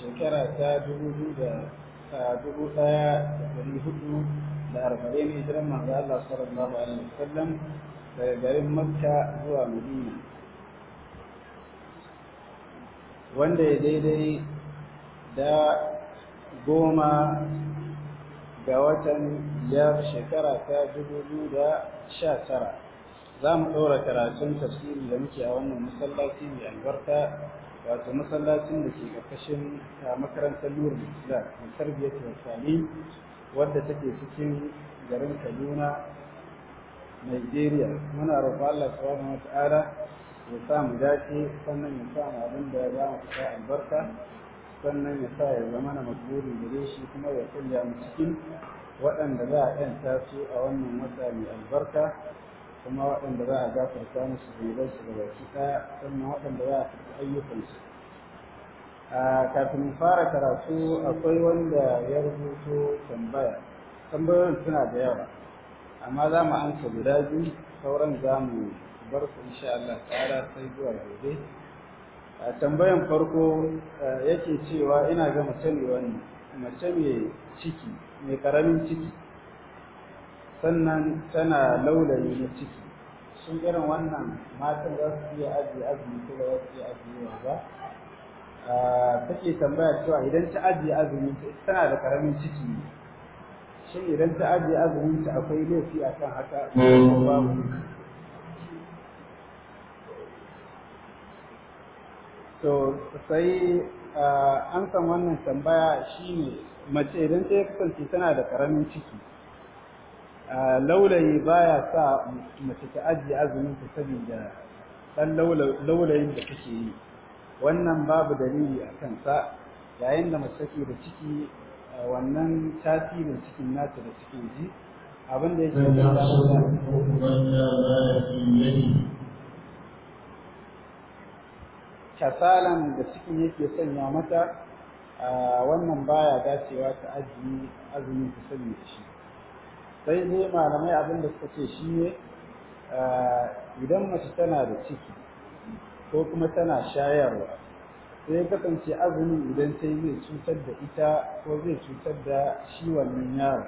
shekara ta dubu da dubu ɗaya da dari hudu da arba'in hijiran manzo Allah sallallahu alaihi wasallam daga garin Makka zuwa Madina wanda ya daidai da goma ga watan biyar shekara ta dubu biyu da sha tara za mu ɗora karatun tafsiri da muke a wannan masallaci mai albarka wato masallacin da ke ƙarƙashin makarantar nurul islam da tarbiyyatu wasali wadda take cikin garin kaduna nigeria muna roƙon allah subhanahu wata'ala ya sa mu dace sannan ya sa mu abin da ya ba mu fita albarka sannan ya sa ya zama na makburin gare shi kuma ya sanya mu cikin waɗanda za a 'yanta su a wannan wata mai albarka kuma waɗanda za a gafarta musu zunubansu da baki ɗaya sannan waɗanda za a karɓi ayyukansu kafin fara karatu akwai wanda ya rubuto tambaya tambayoyin suna da yawa amma za mu amsa guda biyu sauran za mu bar su insha Allah ta'ala sai zuwa gobe tambayan farko yake cewa ina ga mace mai wani, mace mai ciki mai karamin ciki sannan tana laulayi na ciki sun irin wannan matan za su iya ajiye azumi ko ba za su iya ajiyewa ba take tambaya cewa idan ta ajiye azumi tana da karamin ciki ne shin idan ta ajiye azumin ta akwai laifi a kan haka ko babu to sai an san wannan tambaya shine mace idan ta kasance tana da karamin ciki laulayi baya sa mace ta ajiye azumin ta saboda dan laulayin da kake yi wannan babu dalili a kansa yayin da mace take da ciki wannan tasirin cikin nata da cikin ji abin da yake da kasalan da cikin yake sanya mata wannan baya dacewa ta ajiye azumin ta saboda shi sai dai malamai abin da suka ce shi ne eh, idan mace tana da ciki ko kuma tana shayarwa sai ya kasance azumi idan sai zai cutar da ita ko zai cutar da shi wannan yaro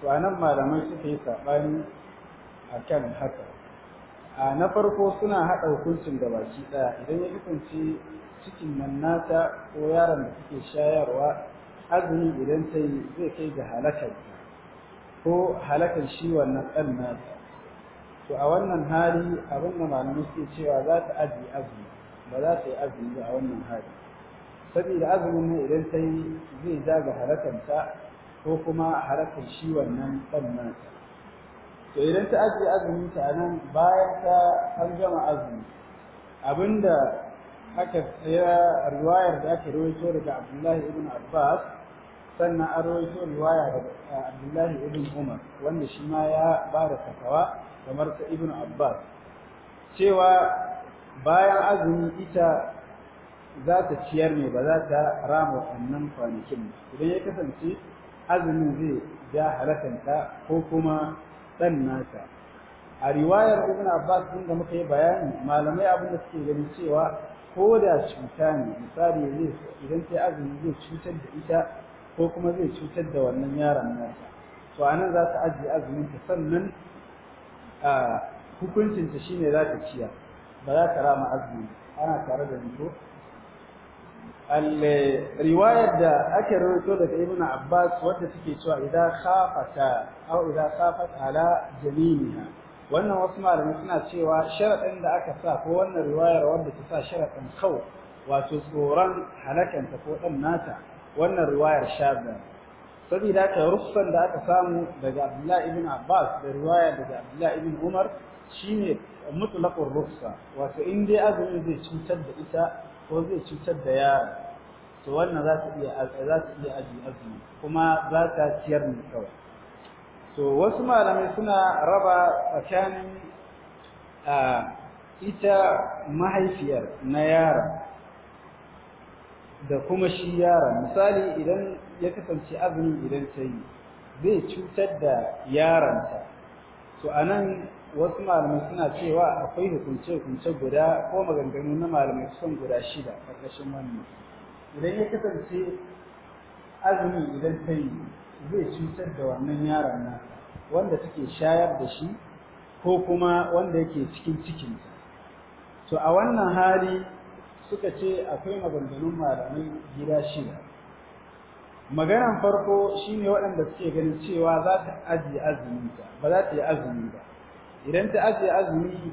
to a nan malamai suka yi saɓani a kan haka a na farko suna haɗa hukuncin da baki ɗaya idan ya kasance cikin nan nata ko yaron da suke shayarwa azumi idan sai zai kai ga halakar ko halakar shi wannan ɗan nasa to a wannan hali abin da malamai suke cewa za ta aji azumi ba za ta yi azumi ba a wannan hali saboda azumin ne idan ta yi zai ja ga halakarta ko kuma halakar shi wannan ɗan nasa to idan ta aji azumi ta nan bayan ta an gama azumi abinda aka tsaya riwayar da aka rawaito daga Abdullahi ibn Abbas sannan an rawaito riwaya daga eh, Abdullahi ibn Umar wanda shi ma ya ba da fatawa kamar ta Ibn Abbas cewa bayan azumi ita za ta ciyar ne ba za ta rama wannan kwanakin idan ya kasance azumin zai ja halakanta ko kuma ɗan nata a riwayar ibn abbas din da muka yi bayani malamai abin da suke gani cewa ko da cuta ne misali yanzu, idan ta azumi zai cutar da ita ko kuma zai cutar da wannan yaron nasa to anan za ta ajiye azumin ta sannan a hukuncin ta shine za ta ciya ba za ta rama azumi ana tare da ni ko riwayar da ake rawaito daga Ibn Abbas wanda take cewa idan khafata aw idan khafat ala jaminiha wannan wasu malamai suna cewa sharadin da aka sa ko wannan riwayar wanda ta sa sharadin kau wato tsoron halakanta ko dan nata wannan riwayar shadda saboda haka ruffan da aka samu daga Abdullahi ibn Abbas da riwaya daga Abdullahi ibn Umar shine mutlaqur rufsa wato in dai azumi zai cutar da ita ko zai cutar da yaro to wannan za ta iya za ta iya aji azumi kuma za ta ciyar ne kawai to wasu malamai suna raba tsakanin ah, ita mahaifiyar na yaro da kuma shi yaron misali idan ya kasance azumi idan ta yi zai cutar da yaronta to anan wasu malamai suna cewa akwai hukunce-hukunce guda ko maganganu na malamai kusan guda shida ƙarƙashin wannan idan ya kasance azumi idan ta yi zai cutar da wannan yaron na wanda take shayar da shi ko kuma wanda yake cikin cikinsa, to a wannan hali suka ce akwai maganganun malamai gida shida maganan farko shine waɗanda suke ganin cewa za ta ajiye azumi ba za ta yi azumi ba idan ta ajiye azumi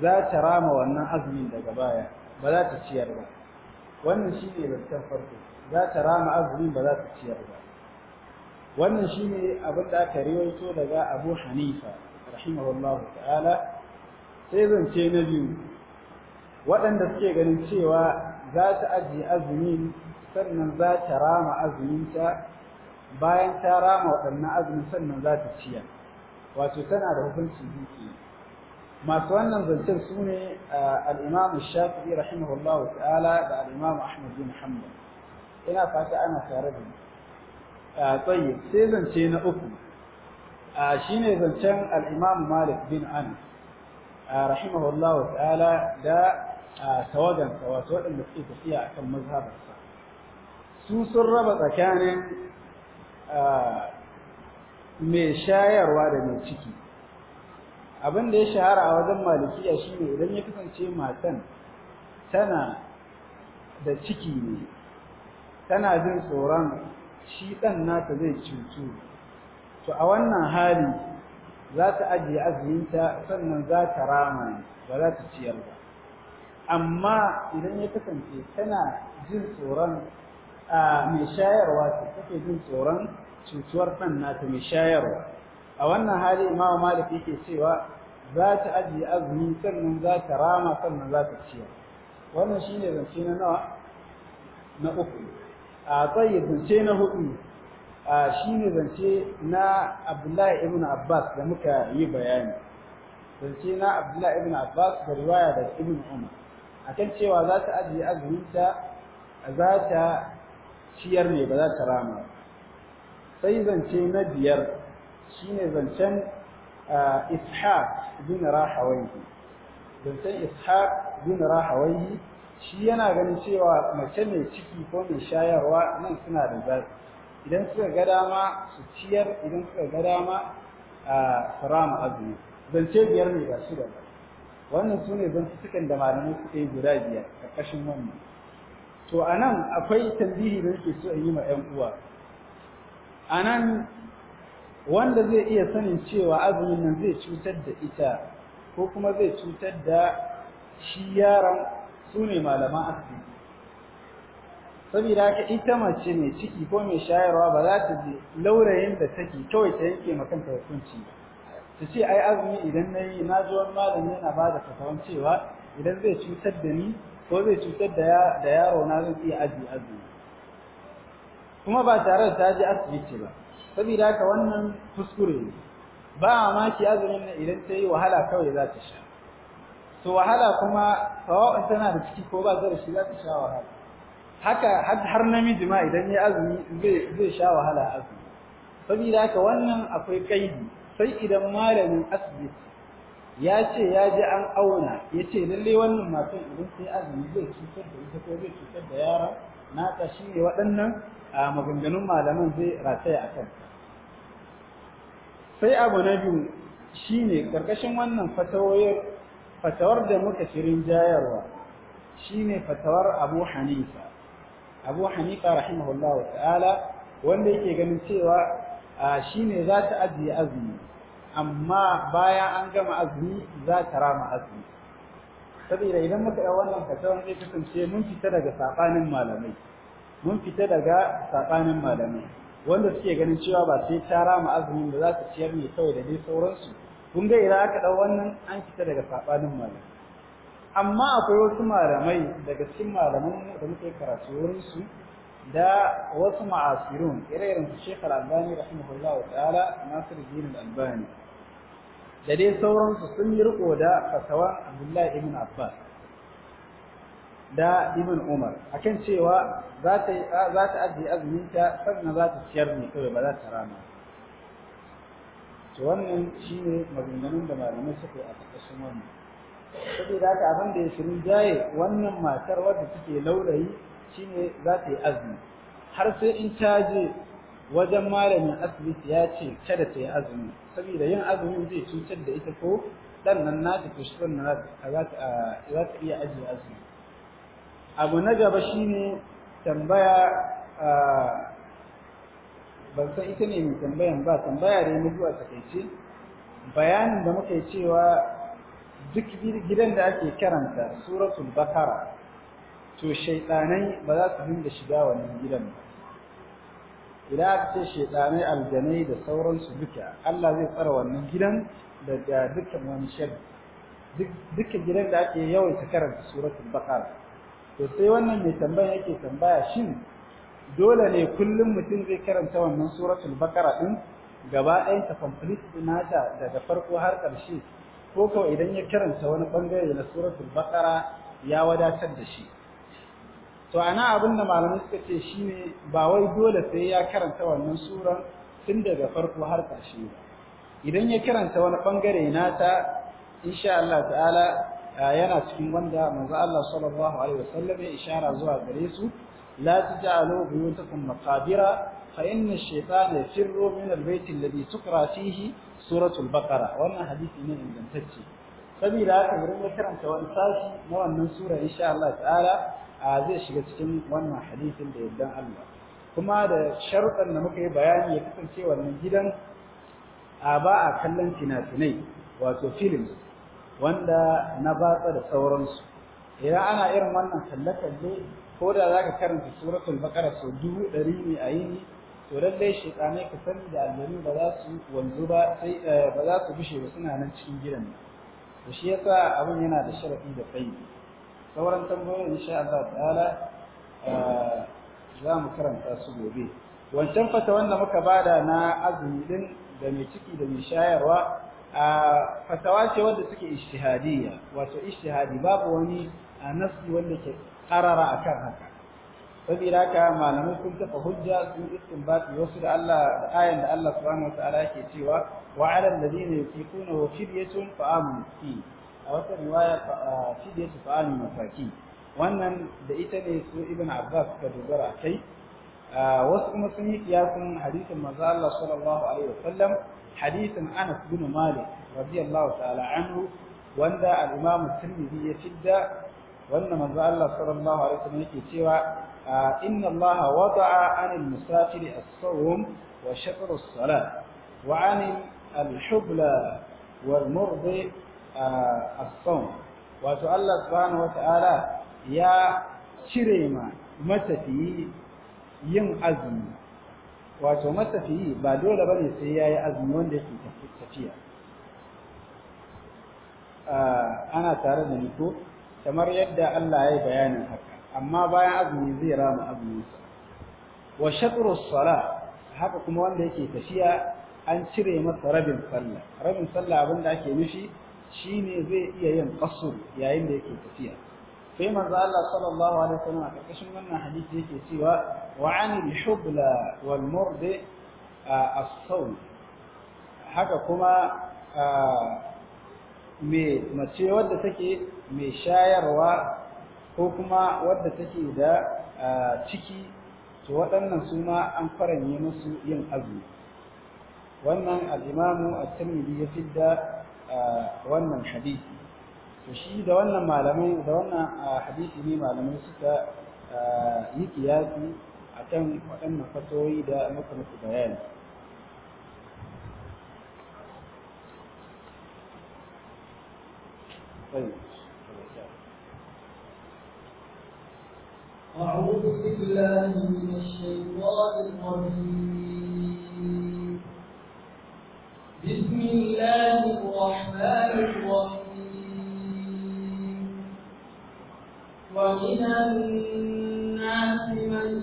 za ta rama wannan azumin daga baya ba za ta ciyar ba wannan shine zancen farko za ta rama azumin ba za ta ciyar ba wannan shine abin da aka riwaito daga Abu Hanifa rahimahullahu ta'ala sai zance na biyu waɗanda suke ganin cewa za ta ajiye azumin sannan za ta rama azuminta bayan ta rama waɗannan azumin sannan za ta ciya wato tana da hukunci duki masu wannan zancen su ne al'imam shafi'i rahimahullahu ta'ala da al'imam ahmad bin hanbal ina fata ana tare da tsaye sai zance na uku shi ne zancen al'imam malik bin anas rahimahullahu ta'ala da tawagansa wato waɗanda suke tafiya akan mazhabarsa su sun raba tsakanin mai shayarwa da mai ciki abin da ya shahara a wajen malikiya shine idan ya kasance matan tana da ciki ne tana jin tsoron shi ɗan nata zai cutu to a wannan hali za ta ajiye azuminta sannan za ta rama ba za ta ciyar ba amma idan ya kasance tana jin tsoron a mai shayarwa ta take jin tsoron cutuwar ɗan nata mai shayarwa a wannan hali imamu malik yake cewa za ta ajiye azumi sannan za ta rama sannan za ta ciya wannan shi ne zance na nawa na uku a tsaye zance na hudu shi ne zance na abdullahi ibn abbas da muka yi bayani zance na abdullahi ibn abbas da riwaya daga ibn umar akan cewa za ta ajiye azuminta za ta ciyar ne ba za ta rama sai zance na biyar shine zancen ishaq bin rahawaihi zancen ishaq bin rahawaihi shi yana ganin cewa mace mai ciki ko mai shayarwa nan suna da zafi idan suka ga dama su ciyar idan suka ga dama su rama azumi zance biyar ne ba shi da ba wannan su ne zantukan da malamai suka yi guda biyar ƙarƙashin wannan to a nan akwai tambihi da yake so in yi ma 'yan uwa a nan wanda zai iya sanin cewa azumin nan zai cutar da ita ko kuma zai cutar da shi yaron su ne malaman asibiti saboda haka ita mace mai ciki ko mai shayarwa ba za ta je laurayin da take kawai ta yanke makanta hukunci ba su ce ai azumi idan na yi na zo wani malami yana ba da fatawan cewa idan zai cutar da ni ko zai cutar da yaro na zai iya ajiye azumi kuma ba tare da ta je asibiti ba saboda haka wannan kuskure ne ba mamaki azumin na idan ta yi wahala kawai za ta sha To wahala kuma sawa'un tana da ciki ko ba zai shi za ta sha wahala haka har namiji ma idan ya azumi zai sha wahala azumi saboda haka wannan akwai kaidi sai idan malamin asibiti ya ce ya ji an auna ya ce lalle wannan matan idan sai azumi zai cutar da ita ko zai cutar da yara na ta shi ne waɗannan a maganganun malaman zai rataya a kan sai abu na biyu shi ne ƙarƙashin wannan fatawar da muka shirin jayarwa shi ne fatawar abu hanifa abu hanifa rahimahullahu ta'ala wanda yake ganin cewa shi ne za ta ajiye azumi amma bayan an gama azumi za ta rama azumi saboda idan muka yi wannan fatawan zai kasance mun fita daga sabanin malamai mun fita daga sabanin malamai wanda suke ganin cewa ba sai ta rama azumi da za ta ciyar ne kawai da dai sauransu kun ga idan aka dau wannan an fita daga sabanin malamai amma akwai wasu malamai daga cikin malaman da muke karatu wurin su da wasu ma'asirun ire-iren su Sheikh Al-Albani rahimahullahu ta'ala Nasiruddin Al-Albani da dai sauransu sun yi riko da fatawa Abdullahi ibn Abbas da ibn Umar akan cewa za ta ajiye azumin ta sannan za ta ciyar ni kawai ba za ta rana to wannan shine maganganun da malamai suka a ƙarƙashin wannan saboda abin da ya shirin jaye wannan matar wadda take laurayi shine za ta yi azumi har sai in ta je wajen malamin asibiti ya ce kada ta yi azumi saboda yin azumi zai cutar da ita ko dan nan na ta shi wannan za ta iya ajiye azumi abu na gaba shine tambaya ban san ita ne mai tambayan ba tambaya dai na zuwa takaice bayanin da muka yi cewa duk gidan da ake karanta suratul bakara to shaytanai ba za su dinga shiga wannan gidan ba idan aka ce shaytanai aljanai da sauransu duka Allah zai tsara wannan gidan daga dukkan wani sharri dukkan gidan da ake yawan karanta suratun baqara to sai wannan mai tambaya yake tambaya shin dole ne kullum mutum zai karanta wannan suratun bakar din gaba ɗayan ta complete nata daga farko har ƙarshe ko kawai idan ya karanta wani bangare na suratun bakara ya wadatar da shi to ana abin da malamai suka ce shine ba wai dole sai ya karanta wannan suran tun daga farko har ƙarshe ba idan ya karanta wani bangare nata insha Allah ta'ala yana cikin wanda manzo Allah sallallahu alaihi wasallam ya ishara zuwa gare su la taj'alu buyutakum maqabira fa inna ash-shaytana yafirru min al-bayt alladhi tuqra fihi suratul baqara wannan hadisi ne ingantacce saboda haka wurin ya karanta wani sashi na wannan sura insha Allah ta'ala zai shiga cikin wannan hadisin da yaddan Allah kuma da sharuɗan da muka yi bayani ya kasance wannan gidan a ba a kallon fina-finai wato films wanda na batsa da sauransu idan ana irin wannan kalle-kalle ko da za ka karanta suratul bakara sau dubu ɗari ne a yini to lallai shaitanai ka sani da aljanu ba za su wanzu ba sai eh, ba za su bushe ba suna nan cikin gidan to shi yasa abin yana da sharafi da tsayi sauran tambayoyin insha Allah ta'ala eh, za mu karanta su gobe wancan fatawan da muka bada na azumi din da mai ciki da mai shayarwa a fatawa ce wanda suke ijtihadiyya wato ijtihadi babu wani nasi wanda ke karara akan haka saboda haka malamai sun tafa hujja sun istinbati wasu da Allah da ayan da Allah subhanahu wa ta'ala yake cewa wa 'alal ladina kuna wa fidyatun fa'amun fi a wata riwaya fidiyatu fa'alul masaki wannan da ita ne su ibn abbas suka dogara kai wasu kuma sun yi kiyasin hadisin manzo Allah sallallahu alaihi wasallam hadisin Anas bin Malik radiyallahu ta'ala anhu wanda al-Imam Tirmidhi ya fidda wanda manzo Allah sallallahu alaihi wasallam yake cewa inna Allah wada'a 'anil musafir as-sawm wa shatr as-salat wa 'anil al-hubla wal murdi as wato Allah subhanahu wata'ala ya cire ma matafiyi yin azumi wato matafiyi ba dole bane sai yayi azumi wanda yake tafiya ana tare da ni ko kamar yadda Allah ya yi bayanin haka amma bayan azumi zai rama azumin sa wa shatru as haka kuma wanda yake tafiya an cire masa rabin sallah rabin sallah abinda ake nufi shi ne zai iya yin qasr yayin da yake tafiya sai manzo Allah sallallahu alaihi wasallam a karkashin wannan hadisi yake cewa wa anil hubla wal murdi as-sawl haka kuma me mace wadda take mai shayarwa ko kuma wadda take da ciki to waɗannan su ma an faranye musu yin azumi wannan al-imamu at-tirmidhi ya fidda wannan hadisi to shi da wannan malamai da wannan hadisi ne malamai suka yi kiyasi akan waɗannan fasoyi da muka muku bayani أعوذ بالله من الشيطان الرجيم ومن الناس من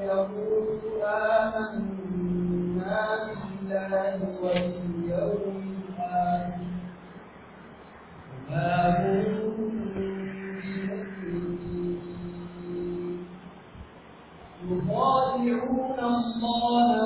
يقول آمنا بالله واليوم الآخر وما هم يخادعون الله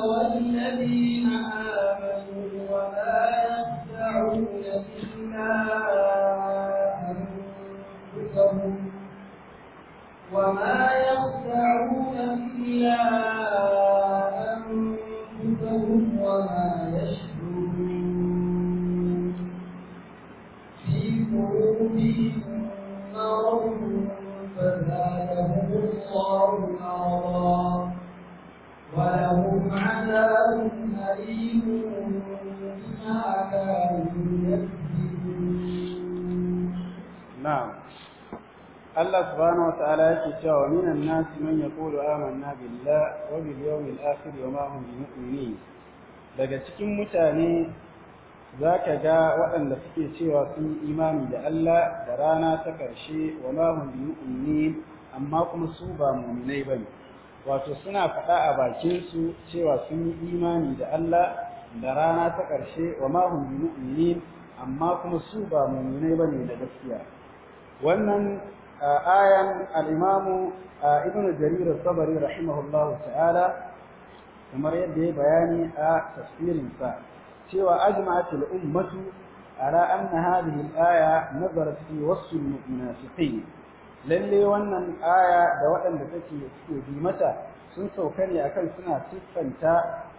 Allah subhanahu wata'ala yake cewa minan nasi man yaqulu amanna billah wa bil yawmil akhir wa ma hum bimu'minin daga cikin mutane zaka ga waɗanda suke cewa sun yi imani da Allah da rana ta karshe wa ma hum bimu'minin amma kuma su ba mu'minai bane wato suna faɗa a bakin su cewa sun yi imani da Allah da rana ta karshe wa ma hum bimu'minin amma kuma su ba mu'minai bane da gaskiya wannan ayan al a ibn jarir al-sabari rahimahullahu ta'ala kamar yadda ya bayani a tafsirinsa cewa ajma'atul ummatu على aya هذه الآية نظرت في وصف المنافقين lalle wannan aya da waɗanda take suke mata sun sauka ne akan suna siffanta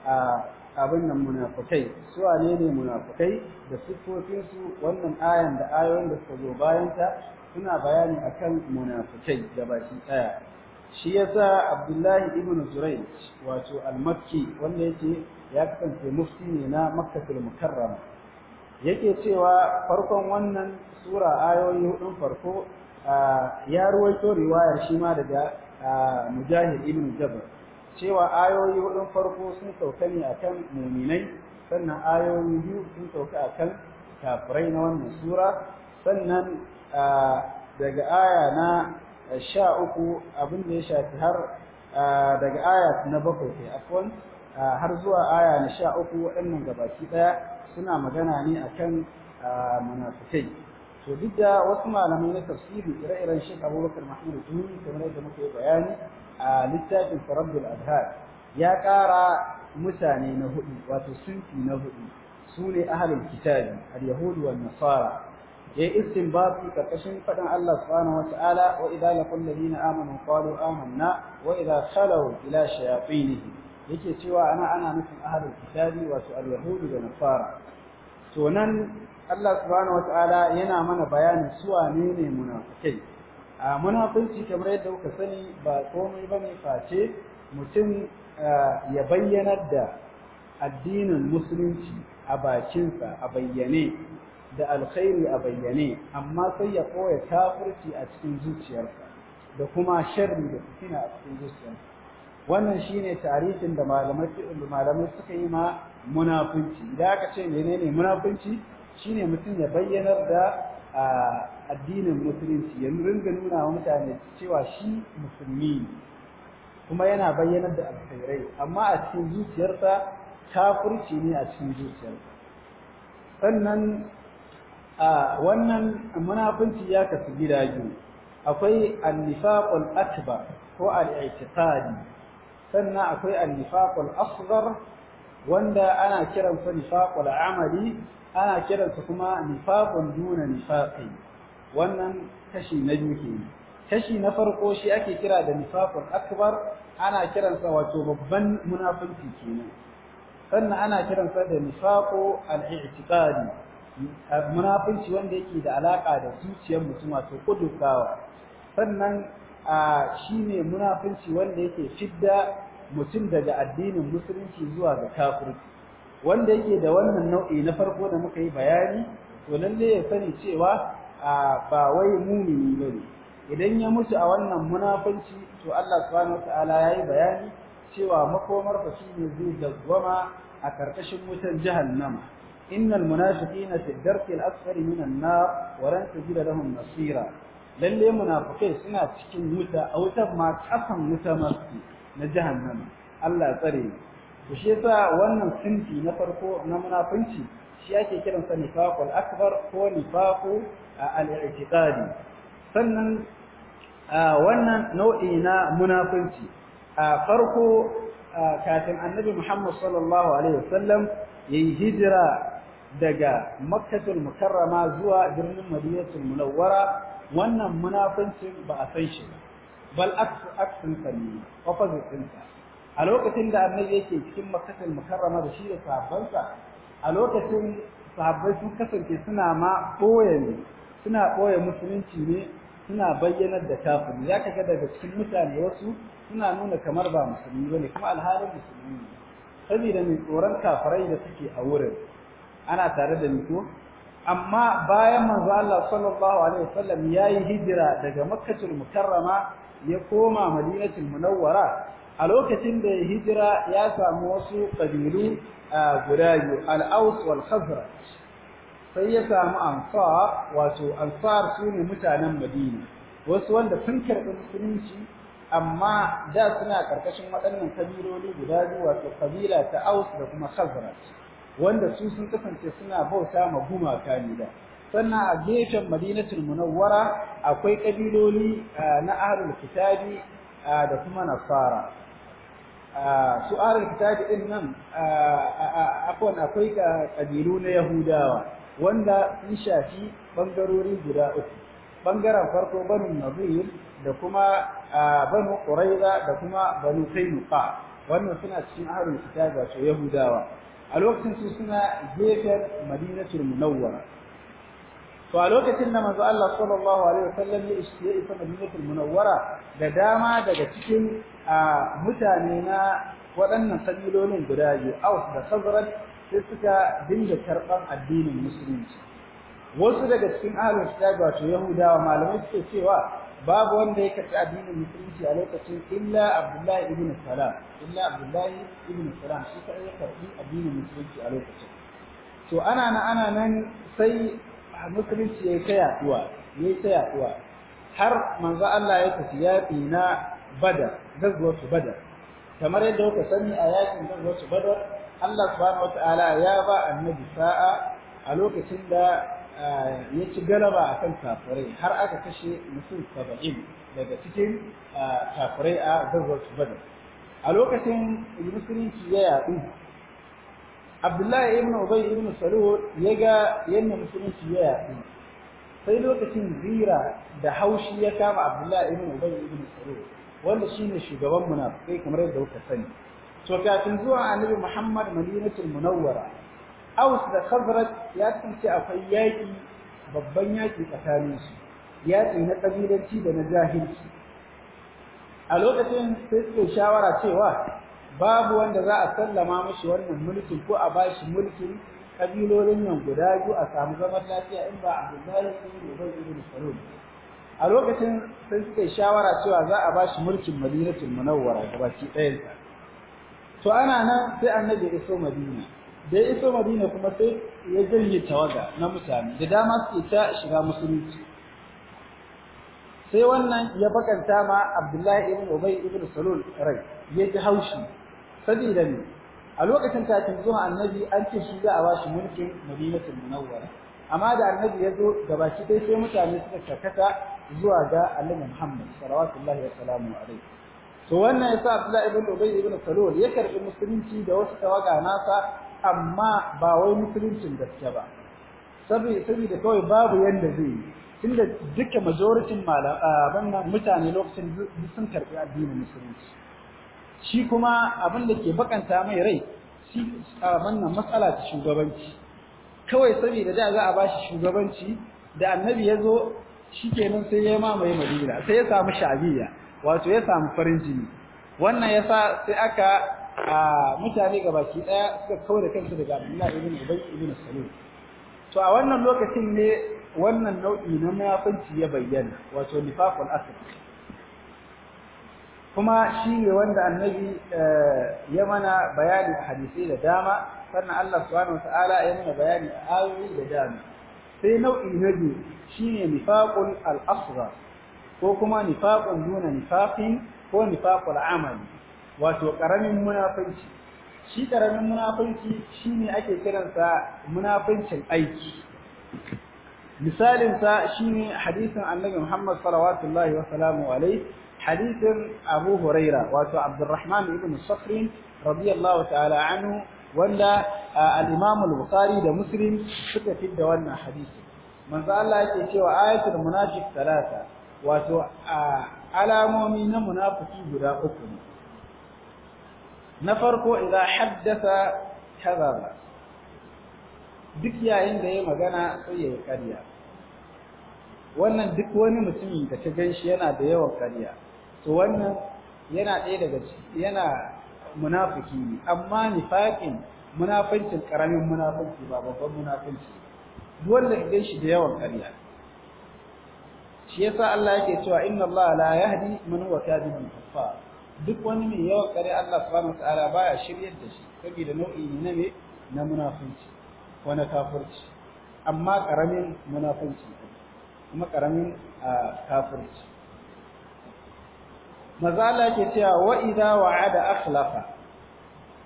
a abin nan munafukai su ne ne munafukai da siffofinsu wannan ayan da ayoyin da suka zo bayan ta suna bayani akan munafikai baki daya shi yasa Abdullahi ibn Zurayj wato al-Makki wanda yake ya kasance mufti ne na Makkatul Mukarrama yake cewa farkon wannan sura ayoyi hudun farko ya ruwaito riwayar shi ma daga Mujahid ibn Jabr cewa ayoyi hudun farko sun sauka ne akan muminai sannan ayoyi biyu sun sauka akan kafirai na wannan sura sannan daga aya na sha uku abin da ya shafi har daga aya na bakwai ke afon har zuwa aya na sha uku waɗannan gabaki ɗaya suna magana ne a akan munafikai to duk da wasu malamai na tafsiri ire-iren shi abubakar mahmud tuni kamar yadda muka yi bayani a littafin farabdul adhar ya ƙara mutane na hudu wato sunfi na hudu su ne ahalin kitabi al-yahudu wa nasara ya istinbati ƙarƙashin faɗin Allah subhanahu wata'ala wa idza laqul ladina amanu qalu amanna wa idza khalaw ila shayatinihim yake cewa ana ana nufin ahlul kitabi wasu al yahudi da nasara to nan Allah subhanahu wata'ala yana mana bayanin su wane ne munafikai a munafunci kamar yadda kuka sani ba komai bane face mutum ya bayyanar da addinin musulunci a bakinsa a bayyane da alkhairi a bayyane amma sai ya koya kafirci a cikin zuciyarsa da kuma sharri da fitina a cikin zuciyarsa wannan shine tarihin da malamai malamai suka yi ma munafunci idan aka ce menene munafunci shine mutum ya bayyanar da addinin musulunci ya ringa nuna wa mutane cewa shi musulmi kuma yana bayyanar da alkhairai amma a cikin zuciyarsa kafirci ne a cikin zuciyarsa sannan a wannan munafunci ya kasu gida biyu akwai annifaqul akbar ko al-i'tiqadi sannan akwai annifaqul asghar wanda ana kiransa nifaqul amali ana kiransa kuma nifaqun duna nifaqi wannan kashi na biyu ke kashi na farko shi ake kira da nifaqul akbar ana kiransa wato babban munafunci kenan sannan ana kiransa da nifaqu al-i'tiqadi Munafunci wanda yake da alaka da zuciyar mutum wato kudukawa sannan ne munafunci wanda yake fidda mutum daga addinin musulunci zuwa ga kafirci wanda yake da wannan nau'i na farko da muka yi bayani to lalle ya sani cewa ba wai mumini bane idan ya mutu a wannan munafinci to Allah subhanahu wataala yi bayani cewa makomar shi ne zai dawwama a karkashin wutan jahannama إن المنافقين في الدرك الأكثر من النار ولن تجد لهم نصيرا للي منافقين سنة تكين متى أو تبمع تحصن متمسكي نجهنم الله تري وشيطا وانا سنتي نفرقو نمنافنتي شيئتي كلمة نفاق الأكبر هو نفاق الاعتقادي sannan wannan nau'i na munafunci a farko kafin annabi Muhammad sallallahu alaihi wasallam yayi hijira daga makkatul mukarrama zuwa birnin madinatul munawwara wannan munafincin ba a san shi ba bal aksu aksun sani opposite a lokacin da annabi yake cikin makkatul mukarrama da shi da sahabbansa a lokacin sahabbai sun kasance suna ma boye suna boye musulunci ne suna bayyanar da kafiri Ya kaga daga cikin mutane wasu suna nuna kamar ba musulmi bane kuma alhalin musulmi ne Sabida mai tsoron kafirai da suke a wurin ana tare da ni amma bayan manzo Allah sallallahu alaihi wasallam yayi hijira daga Makkatul Mukarrama ya koma Madinatul Munawwara a lokacin da ya hijira ya samu wasu kabilu guda biyu al aus wal Khazraj sai ya samu Ansar wato Ansar sune mutanen Madina wasu wanda sun karɓi musulunci amma da suna karkashin waɗannan kabiloli guda biyu wato kabila ta Aus da kuma Khazraj wanda su sun kasance suna bauta ma gumaka ne da sannan a gefen madinatul munawwara akwai kabiloli na ahlul kitabi da kuma nasara su ahlul kitabi din nan akwai akwai kabilu na yahudawa wanda sun shafi bangarori guda uku bangaren farko banu nazir da kuma banu quraiza da kuma banu kainuka wannan suna cikin ahlul kitabi wato yahudawa a lokacin su suna gefen madinatul munawwara to a lokacin da manzo Allah sallallahu alaihi wasallam ya isa madinatul munawwara da dama daga cikin mutane na waɗannan kabilolin guda biyu Aus da Khazraj sai suka dinga karɓar addinin musulunci wasu daga cikin ahlul kitab wato yahudawa malamai suke cewa babu wanda ya karɓi addinin musulunci a lokacin illa abdullahi ibn salam illa abdullahi ibn salam shi kaɗai ya karɓi addinin musulunci a lokacin to ana na ana nan sai musulunci ya ta yaɗuwa ya ta yaɗuwa har manzo Allah ya tafi yaƙi na badar gazuwarsu badar kamar yadda kuka sani a yaƙin gazuwarsu badar Allah subhanahu wataala ya ba annabi sa'a a lokacin da ya ci galaba akan kafirai har aka kashe mutum saba'in daga cikin kafirai a gazzawar badar a lokacin musulunci ya yaɗu abdullahi ibn ubay ibn salul ya ga yadda musulunci ya yaɗu sai lokacin zira da haushi ya kama abdullahi ibn ubay ibn salul wanda shine shugaban munafikai kamar yadda kuka sani to kafin zuwa annabi muhammad madinatul munawwara aus da khazraj ya tsinci akwai yaƙi babban yaƙi tsakanin su yaƙi na kabilanci da na jahilci a lokacin sai suke shawara cewa babu wanda za a sallama mashi wannan mulkin ko a bashi mulkin kabilolin nan guda biyu a samu zaman lafiya in ba Abdullahi ibn Ubay ibn Salul a lokacin sai suka shawara cewa za a bashi mulkin Madinatul Munawwara gabaki ɗayan to ana nan sai Annabi ya iso Madina da ya iso madina kuma sai ya janye tawaga na mutane da dama suke ta shiga musulunci sai wannan ya bakanta ma Abdullahi ibn Ubay ibn Salul rai ya ji haushi da ne a lokacin kafin zuwa annabi an ce shi za a bashi mulkin Madinatul Munawwara amma da annabi ya zo shi dai sai mutane suka karkata zuwa ga Annabi Muhammad sallallahu wa sallamu to wannan yasa Abdullahi ibn Ubay ibn Salul ya karbi musulunci da wasu tawaga nasa amma ba wai musuluncin gaske ba saboda kawai babu yadda zai yi tunda duka majoritin mutane lokacin sun karɓi addinin musulunci shi kuma abin da ke bakanta mai rai shi wannan matsala ta shugabanci kawai saboda da za a ba shi shugabanci da annabi ya zo shi nan sai ya mamaye madina sai ya samu shabiya wato ya samu farin jini wannan ya sa sai aka a mutane gabaki daya suka da kansu daga Abdullah ibn Ubay ibn Salul to a wannan lokacin ne wannan nau'i na munafinci ya bayyana wato nifaqul asr kuma shi ne wanda annabi eh, ya mana bayani a hadisi da dama sannan Allah subhanahu wataala ya mana bayani a ayoyi da dama sai nau'i na biyu shine nifaqul al-asghar ko kuma nifaqun duna nifaqin ko nifaqul amali wato ƙaramin munafanci, shi munafanci shi ne ake kiransa munafancin aiki Misalinsa shine hadisin annabi Muhammad sallallahu alaihi alai hadisin Abu Huraira wato Abdurrahman ibn Safrin radiyallahu ta'ala anhu wanda al al-Bukhari da Muslim suka fidda wannan hadisi manzo Allah yake cewa ayatul munafiq talata wato alamomi na munafiki guda uku ne na farko idan haddasa kazaba duk yayin da ya magana sai ya karya wannan duk wani mutumin da ta ganshi yana da yawan karya to wannan yana ɗaya daga yana munafiki ne amma nifaqin munafincin karamin munafinci ba babban munafinci wanda ka ganshi da yawan karya shi yasa Allah yake cewa inna Allah la yahdi man huwa kadhibun kuffar duk wani mai yawan kare Allah subhanahu wataala baya shiryar da shi saboda nau'i ne na me na munafunci ko na kafirci amma karamin munafunci kuma karamin kafirci mazala ke cewa wa idza wa'ada akhlafa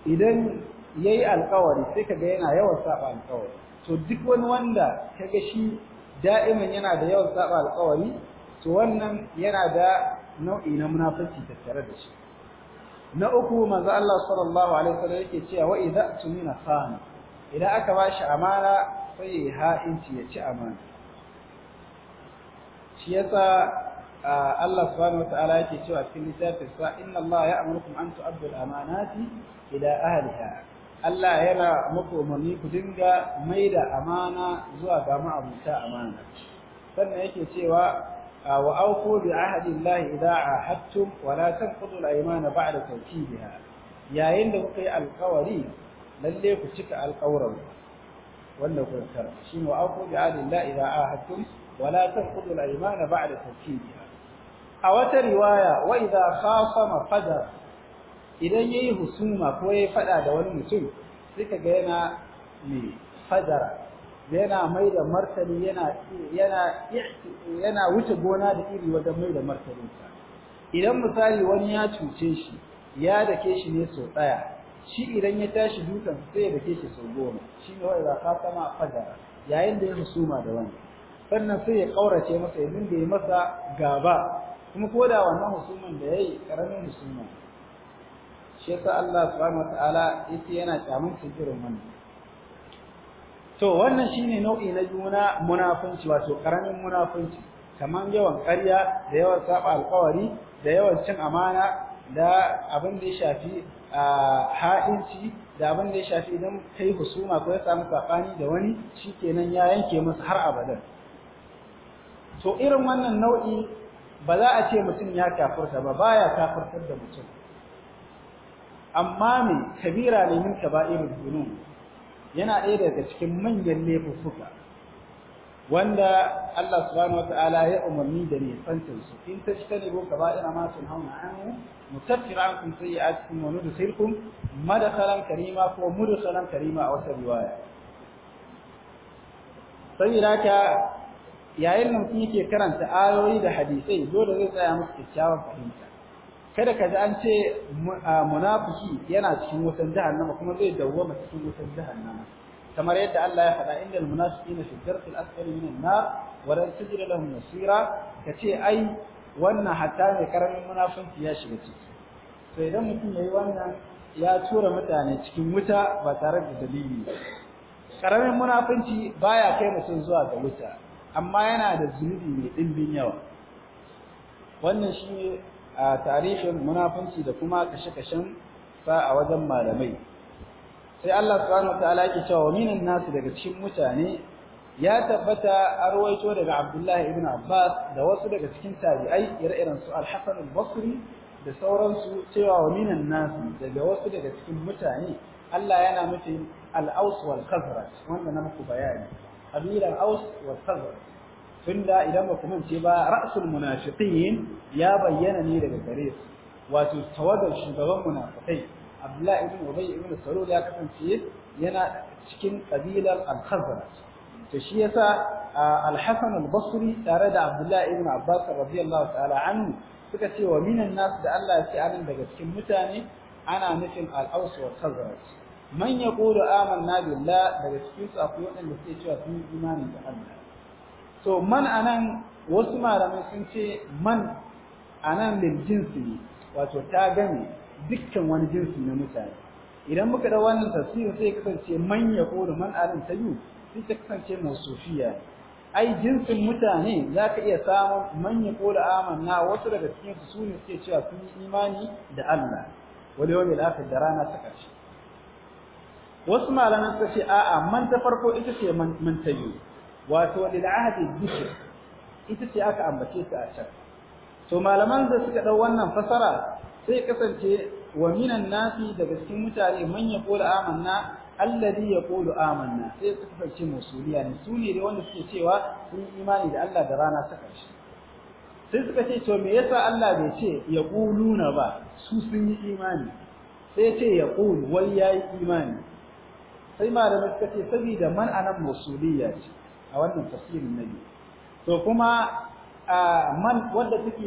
idan yayi alƙawari sai kaga yana yawan saba alƙawari to duk wani wanda kaga shi da'iman yana da yawan saba alƙawari to wannan yana da nau'i na munafunci tattare da shi na uku manzo Allah sallallahu alaihi wasallam yake cewa wa idza tumina fan idan aka bashi amana sai ya ha'inci ya ci amana shi yasa Allah subhanahu wataala yake cewa cikin littafin sa inna Allah ya'murukum an tu'addu al-amanati ila ahliha Allah yana muku umarni ku dinga maida amana zuwa ga ma'abuta amana sannan yake cewa وأوفوا بعهد الله إذا عاهدتم ولا تنقضوا الأيمان بعد توكيدها يا إن لقي القوري للي كتك القورم ولا كنتر شين وأوفوا بعهد الله إذا عاهدتم ولا تنقضوا الأيمان بعد توكيدها أو رواية وإذا خاصم فجر idan yayi husuma ko yayi fada da wani mutum sai kaga yana mai fajara yana mai da martani yana yana yana wuce gona da iri wajen mai da martani idan misali wani ya cuce shi ya dake shi ne so daya shi idan ya tashi dukan sai ya dake shi so goma shi ne wanda ka sama fadara yayin da ya husuma da wani sannan sai ya kaurace masa idan da ya masa gaba kuma ko da wannan husuman da yayi karamin husuma shi yasa Allah subhanahu wataala yace yana kyamun irin wannan to wannan shine nau'i na juna munafunci wato karamin munafunci kaman yawan ƙarya da yawan saba alƙawari da yawan cin amana da abin da ya shafi ha'inci da abin da ya shafi idan kai husuma ko ya samu sabani da wani shikenan ya yanke musu har abadan to irin wannan nau'i ba za a ce mutum ya kafirta ba baya kafirtar da mutum amma me kabira ne min kaba'irul dunun yana ɗaya daga cikin manyan laifuffuka wanda Allah subhanahu wataala ya umarni da ne tsantin in ta shita ne boka ba'ira ma sun hauna anhu mutaffira ankum sayyi'atikum wa nudkhilukum madkhalan karima ko mudkhalan karima a wata riwaya saboda ka yayin nan yake karanta ayoyi da hadisai dole zai tsaya musu kyakkyawar fahimta kada ka ji an ce munafiki yana cikin wutan jahannama kuma zai dawwama cikin wutan jahannama kamar yadda Allah ya faɗa inda munafiqina fi dharqil asfali minan nar wa lan tajid lahum nasira kace ai wannan hatta mai karamin munafinci ya shiga ciki to idan mutum yayi wannan ya tura mutane cikin wuta ba tare da dalili karamin munafinci baya kai mutum zuwa ga wuta amma yana da zunubi mai dimbin yawa wannan shi a tarihin munafunci da kuma kashe-kashen sa a wajen malamai sai Allah subhanahu wataala yake cewa minan nasu daga cikin mutane ya tabbata a ruwaito daga Abdullahi ibn Abbas da wasu daga cikin tabi'ai ire-iren su Al-Hasan al-Basri da sauransu cewa wa minan nasu daga wasu daga cikin mutane Allah yana nufin al-Aus wal Khazraj wanda na muku bayani kabilan Aus wal Khazraj tunda idan ba kuma ce ba ra'sul munafiqin ya bayyana ne daga gare su wato tawadar shugaban munafiqai Abdullahi ibn Ubay ibn Salul ya kasance yana cikin kabilar al-Khazraj to shi yasa al-Hasan al-Basri tare da Abdullahi ibn Abbas radiyallahu ta'ala anhu suka ce wa minan nas da Allah ya ce anan daga cikin mutane ana nufin al-Aws wal Khazraj man yaqulu amanna billah daga cikin su akwai wanda suke cewa sun imani da Allah so man anan wasu malamai sun ce man anan lil jinsi ne wato ta gane dukkan wani jinsi na mutane idan muka da wannan tafsirin sai kasance man ya kodu man anan ta biyu sai ta kasance mausufiya ai jinsin mutane za ka iya samun man ya kodu amanna wasu daga cikin su sune suke cewa sun yi imani da Allah Wani wani lafi da rana ta karshe wasu malamai suka ce a'a man ta farko ita ce man ta yi. wato lil ahdi dhikr ita ce aka ambace ta a can to malaman da suka dau wannan fasara sai kasance wa minan nasi daga cikin mutane man kula amanna alladhi yaqulu amanna sai fice musuliya ne su ne wanda suke cewa sun imani da Allah da rana ta karshe sai suka ce to me yasa Allah bai ce yaquluna ba su sun yi imani sai ce yaqul wai yayi imani sai malamai suka ce saboda man anan musuliya ce a wannan tafsirin nabi to kuma man wanda suke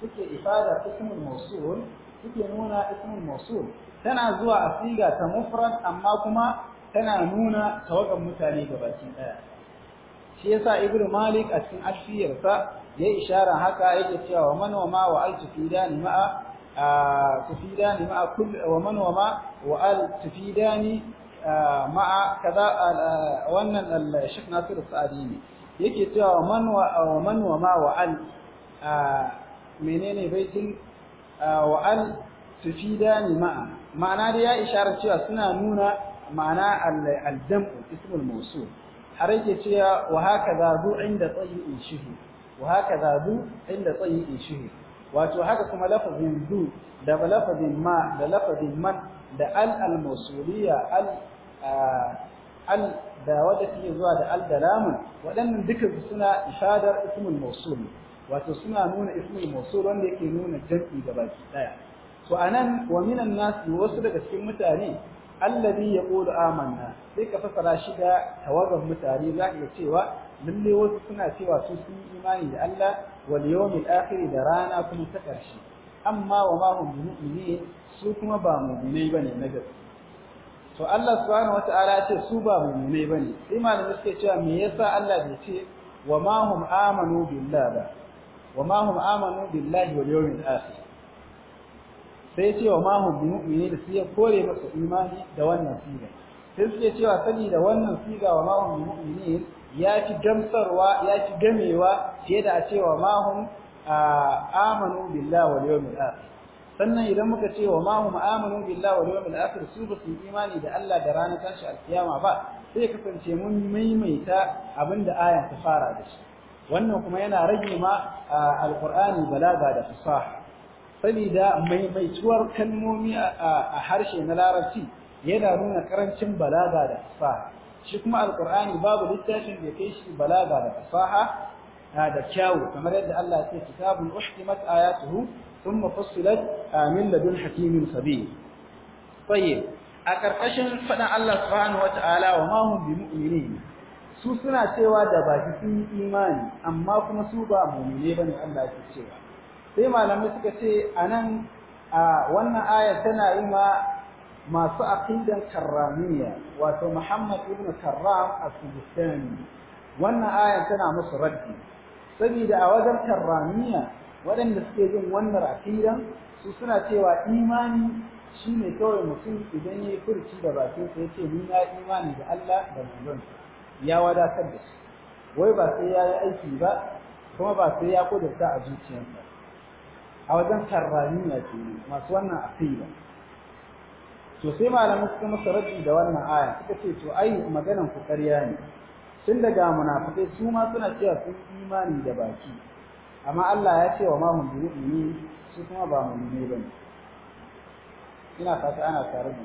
suke ifada ismul mawsul suke nuna ismul mawsul tana zuwa a siga ta mufrad amma kuma tana nuna tawagan mutane gabaki daya shi yasa ibnu malik a cikin ashfiyarsa ya ishara haka yake cewa wa man wa ma wa al tufidani ma'a tufidani kull wa man wa ma wa al tufidani ma'a kaza wannan sheikh Nasiru Sa'adi ne yake cewa man wa man wa ma wa al menene baitin wa al ma'a ma'ana da ya isharar cewa suna nuna ma'ana al damu ismul mawsul har yake cewa wa hakaza zu inda tsayi'in shihi wa hakaza inda shihi wato haka kuma lafazin du da lafazin ma da lafazin man da al al-mawsuliyya al da wadda take zuwa da al da waɗannan duka suna ishadar ismul mawsul wato suna nuna ismul mawsul wanda yake nuna jam'i gabaki daya to anan wa minan nas wasu daga cikin mutane alladhi yaqulu amanna sai ka fasara shi da tawagan mutane za ka cewa lalle wasu suna cewa su sun imani da Allah wal yawmil akhir da rana kuma ta karshe amma wa ma hum mu'minin su kuma ba mu'minai bane na gaske to Allah subhanahu wataala ya ce su ba mu'minai bane sai malamai suke cewa me yasa Allah bai ce wa ma hum amanu billahi ba wa ma hum amanu billahi wal yawmil akhir sai ce wa ma hum mu'minin sai ya kore masa imani da wannan siga sai suke cewa sani da wannan siga wa ma hum mu'minin ya fi gamsarwa ya fi gamewa fiye da a cewa ma hum amanu billahi wal yawmil akhir sannan idan muka ce wa ma hum amanu billahi wal yawmil akhir su ba su imani da Allah da ranar tashi alkiyama ba sai kasance mun maimaita abinda ayan ta fara da shi wannan kuma yana rage ma alqur'ani balaga da fasaha da maimaituwar kalmomi a harshe na larabci yana nuna karancin balaga da fasaha shi kuma alqur'ani babu littafin da kai shi balaga da fasaha da kyawu kamar yadda Allah ya ce kitabun uhkimat ayatuhu ثم فصلت من لدن حكيم خبير طيب أكرقشن فدع الله سبحانه وتعالى وما هم بمؤمنين su suna cewa da baki sun yi imani amma kuma su ba mu'mine bane Allah ke cewa sai malamai suka ce a nan a wannan aya tana yi ma masu aqidan karramiya wato Muhammad ibn Karram as-Sujistani wannan aya tana musu raddi saboda a wajen karramiya waɗanda suke jin wannan akidan su suna cewa imani shi shine kawai mutum idan ya yi furci da bakin sa ce ni na imani da Allah da manzon ya wadatar da shi wai ba sai ya yi aiki ba kuma ba sai ya kudurta a zuciyarsa a wajen karraniya ke masu wannan akidan to sai malamin suka masa rabi da wannan aya suka ce to ai maganan ku ƙarya ne tun daga munafukai su ma suna cewa sun imani da baki amma Allah ya ce wa ma hum bimu'minin su kuma ba mu'mini bane ina fata ana tare da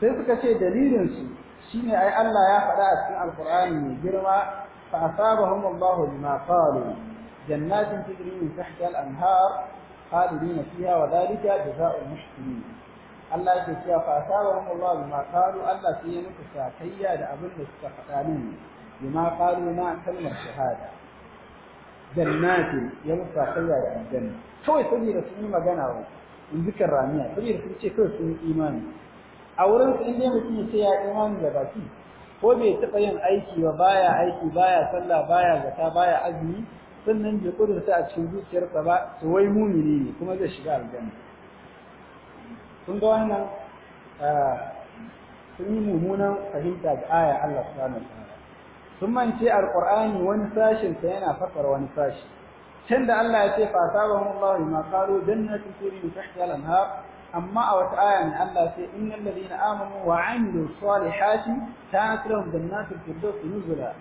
sai suka ce dalilin su shine ai Allah ya faɗa a cikin alqur'ani mai girma fa asabahum Allahu bima qalu jannatin tajri min tahtiha al-anhar khalidina fiha wa dhalika jazaa'ul muhsinin Allah ya cewa fa asabahum Allah bima qalu Allah sai ya muku sakayya da abin da suka faɗa min bima qalu na kalmar shahada jannatin ya musa kaiya da aljanna kawai saboda sun yi magana wa in zikar ramiya saboda sun ce kawai sun yi imani a wurin su inda mutum ya ya imani da baki ko bai taɓa yin aiki ba baya aiki baya sallah baya zata baya azumi sannan bai kudurta a cikin zuciyarsa ba to wai mumini ne kuma zai shiga aljanna kun ga wannan sun yi mummunan fahimta ga aya Allah subhanahu wa ta'ala sun mance alqur'ani wani sashin sa yana fasara wani sashi can da Allah ya ce fa sabahum Allah bima qalu jannatu tajri min tahtiha al-anhar amma a wata aya ne Allah ce innal ladina amanu wa 'amilu salihati kanat lahum jannatul firdaus nuzula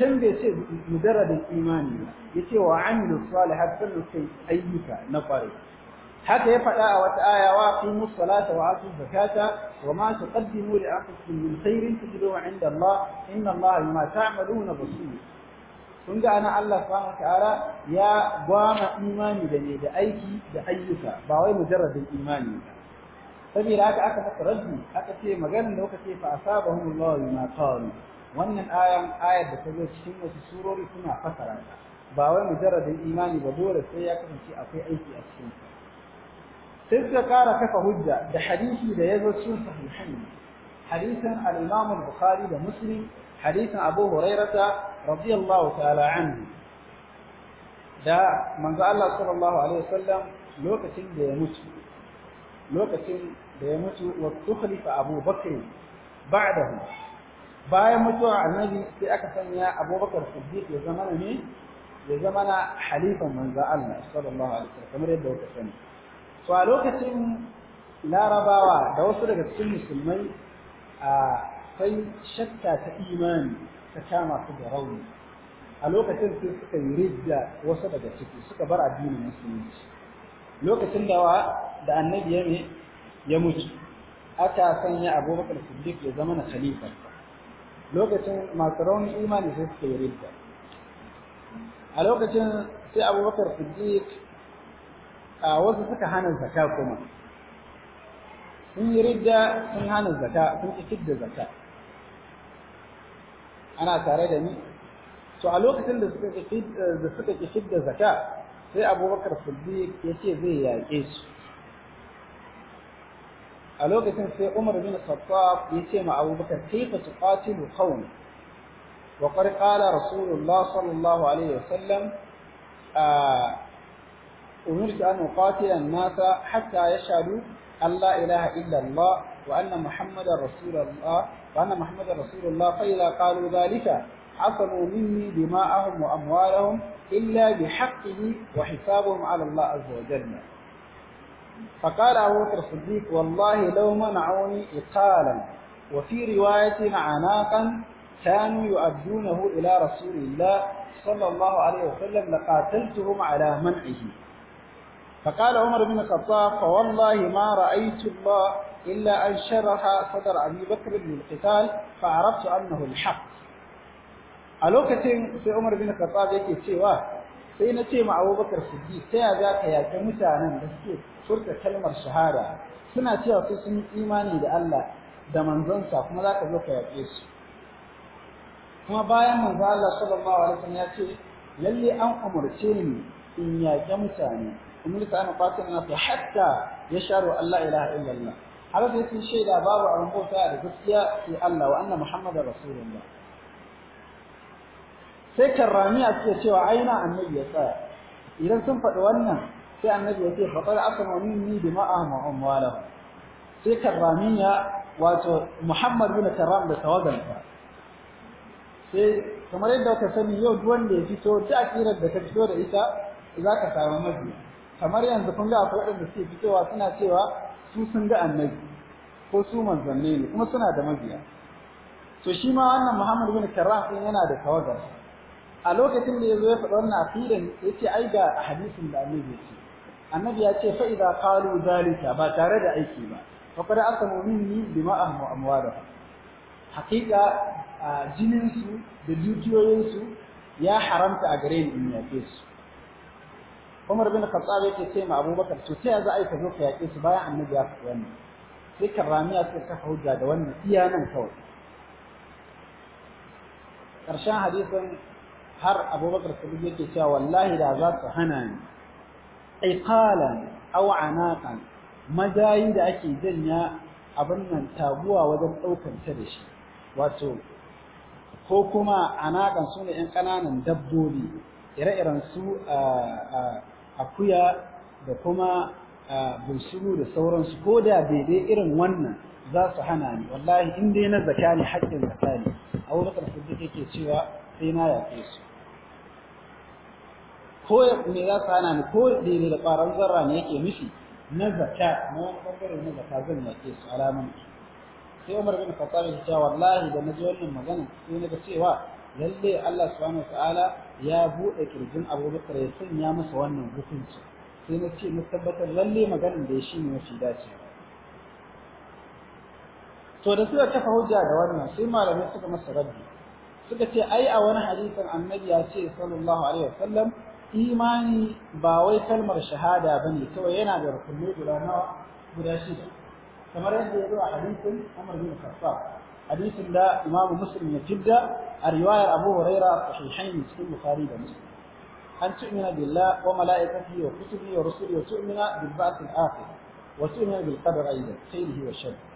can bai ce mujarradin imani ba yace wa 'amilu salihati sun kai ayyuka na kwarai haka ya faɗa a wata aya wa aqimu salata wa atu zakata wa ma taqaddimu li anfusikum min khairin tajiduhu 'inda Allah inna Allah bima ta'maluna basir kun ga ana Allah subhanahu ta'ala ya gwama imani da ne da aiki da ayyuka ba wai mujarradin imani ba saboda haka aka masa rabbi aka ce maganar da kuka ce fa asabahum Allah bima qalu wannan ayan ayar da ta zo cikin wasu surori suna fasara ba wai mujarradin imani ba dole sai ya kasance akwai aiki a cikin ta sai suka kara kafa hujja da hadisi da ya zo cikin sahihain hadisin al-Imam al-Bukhari da Muslim hadisin Abu Hurairah radiyallahu ta'ala anhu da manzo Allah sallallahu alaihi wasallam lokacin da ya mutu lokacin da ya mutu wa tukhlifa Abu Bakr ba'dahu bayan mutuwa annabi sai aka sanya Abubakar Siddiq ya zama ne ya zama na halifan manzo Allah sallallahu alaihi wasallam kamar yadda kuka sani to a lokacin larabawa da wasu daga cikin musulmai a kai shakka ta imani ta kama su da rauni a lokacin sai suka yi rijiya wasu daga ciki suka bar addinin musulunci lokacin da da annabi yame ne ya mutu aka sanya abubakar siddiq ya zama na khalifa lokacin masu rauni imani sai suka yi rijiya a lokacin sai abubakar siddiq a wasu suka hana zakka kuma sun yi ridda sun hana zakka sun ki da zakka ana tare da ni to a lokacin da suka ki eh, da suka ki da zakka sai Abubakar Siddiq ce zai yaƙe su a lokacin sai Umar bin Khattab ce ma Abubakar kaifa tuqatilu qawmi wa qad qala Rasulullah sallallahu alaihi wasallam ah, أمرت أن أقاتل الناس حتى يشهدوا أن لا إله إلا الله وأن محمدا رسول الله وأن محمدا رسول الله فإذا قالوا ذلك عصموا مني دماءهم وأموالهم إلا بحقه وحسابهم على الله عز وجل فقال أبو بكر الصديق والله لو منعوني إقالا وفي رواية عناقا كانوا يؤدونه إلى رسول الله صلى الله عليه وسلم لقاتلتهم على منعه فقال عمر بن الخطاب فوالله ما رأيت الله إلا أن شرح صدر أبي بكر للقتال فعرفت أنه الحق ألوكتين في عمر بن الخطاب يكي تيوا سينا تيما أبو بكر صديق تيا ذاك يا كمتانا بسكي فرق كلمة شهادة سنة تيوا سيسن إيماني دا الله دا منزنسا كما ذاك ذوك يا كيسو kuma bayan manzo Allah sallallahu alaihi wasallam ya ce lalle an umurce ni in yaƙe mutane أمرت أن أقاتل الناس حتى يشهدوا أن لا إله إلا الله حرف يسمي شيء لا باب عن بوتا لقصيا في الله وأن محمد رسول الله sai karrami a cikin cewa aina annabi ya tsaya idan sun faɗi wannan sai annabi ya ce faɗar asama minni dima'ahum wa amwalahum sai karrami ya wato Muhammad bin Karram da tawagansa sai kamar yadda ka sani yau duk wanda ya fito da akirar da ka fito da ita za ka samu mabiya kamar yanzu kun ga akwai waɗanda suke fitowa suna cewa su sun ga annabi ko su manzanni ne kuma suna da mabiya to shi ma wannan Muhammad bin Karrah din yana da tawaga. a lokacin da yazo ya faɗa wannan afidan yace ai ga hadisin da annabi yace annabi ya ce fa idza qalu zalika ba tare da aiki ba fa qad aqamu minni dima'ahum wa amwalahum haqiqa jinin su da dukiyoyin su ya haramta a gare ni in yafe su Umar bin Khattab yake ce ma Abubakar to ya yanzu ai ka zo ka yake su bayan annabi ya faɗi wannan sai karramiya ta kafa hujja da wannan iya nan kawai Karshen hadisin har Abubakar Siddiq yake cewa wallahi da za su hana ni a aw anaqan majayi da ake janya abin nan taguwa wajen ɗaukar ta da shi wato ko kuma anaƙan su ne ‘yan ƙananan dabbobi ire-iren su akuya da kuma bunsuru da sauransu ko da daidai irin wannan za su hana ni wallahi in dai na zaka ne haƙƙin zaka ne a wurin ƙarfi duk yake cewa sai na yaƙe su ko me za su hana ni ko daidai da ƙwaron zarra ne yake mishi na zaka na wani ɓangare na zaka zan yaƙe su alamun sai Umar bin Khattab ya ce wallahi da na ji wannan magana sai na ga cewa lallai Allah subhanahu wa ta'ala ya buɗe kirjin abubakar ya sanya masa wannan hukunci sai na ce na tabbatar lalle maganin da ya shi ne mafi dace to da suka kafa hujja da wannan sai malamai suka masa rabbi suka ce ai a wani hadisin annabi ya ce sallallahu alaihi wasallam imani ba wai kalmar shahada bane kawai yana da rukunni guda nawa guda shida kamar yadda ya zo a hadisin Amr bin Khattab hadisin da Imam Muslim ya fidda a riwayar Abu Huraira a sahihain cikin Bukhari da Muslim an tu'mina billah wa malaikatihi wa kutubihi wa rusulihi wa tu'mina bil ba'th al-akhir wa tu'mina bil qadar aidan khairihi wa sharrihi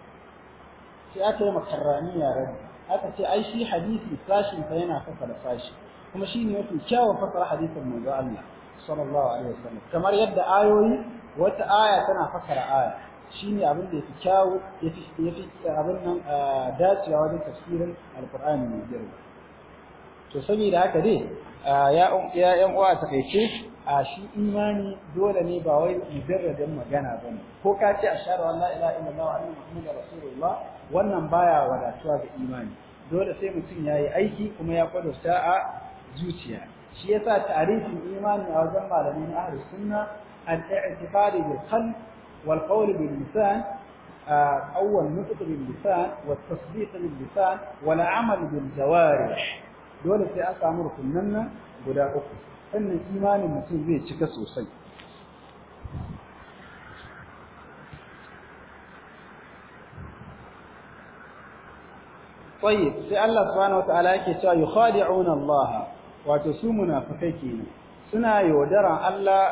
sai aka yi makarraniya rabbi aka ce ai shi hadisi sashin fa yana fassara sashi kuma shine mafi kyawun fassara hadisin manzo Allah sallallahu alaihi wasallam kamar yadda ayoyi wata aya tana fassara aya shine abin da yake kyawu yafi yafi abin nan eh, dacewa wajen tafsirin alqur'ani mai girma to saboda haka dai ya yan uwa takaice a shi imani dole ne ba wai mujarradin magana bane ko ka ce ashhadu an la ilaha illallah wa anna muhammadar rasulullah wannan baya wadatuwa ga imani dole sai mutum yayi aiki kuma ya kwadauta a zuciya shi yasa tarihin imani a wajen malamin ahlus sunna al-i'tiqadi bil qalb wal qawl bil lisan awwal nutq bil lisan wat tasdiq bil lisan wal amal bil jawarih dole sai a samu rukunan nan guda uku sannan imanin mutum zai cika sosai tayyib sai Allah subhanahu wataala yake cewa yukhadi'una Allah wato su munafikai kenan suna yaudaran Allah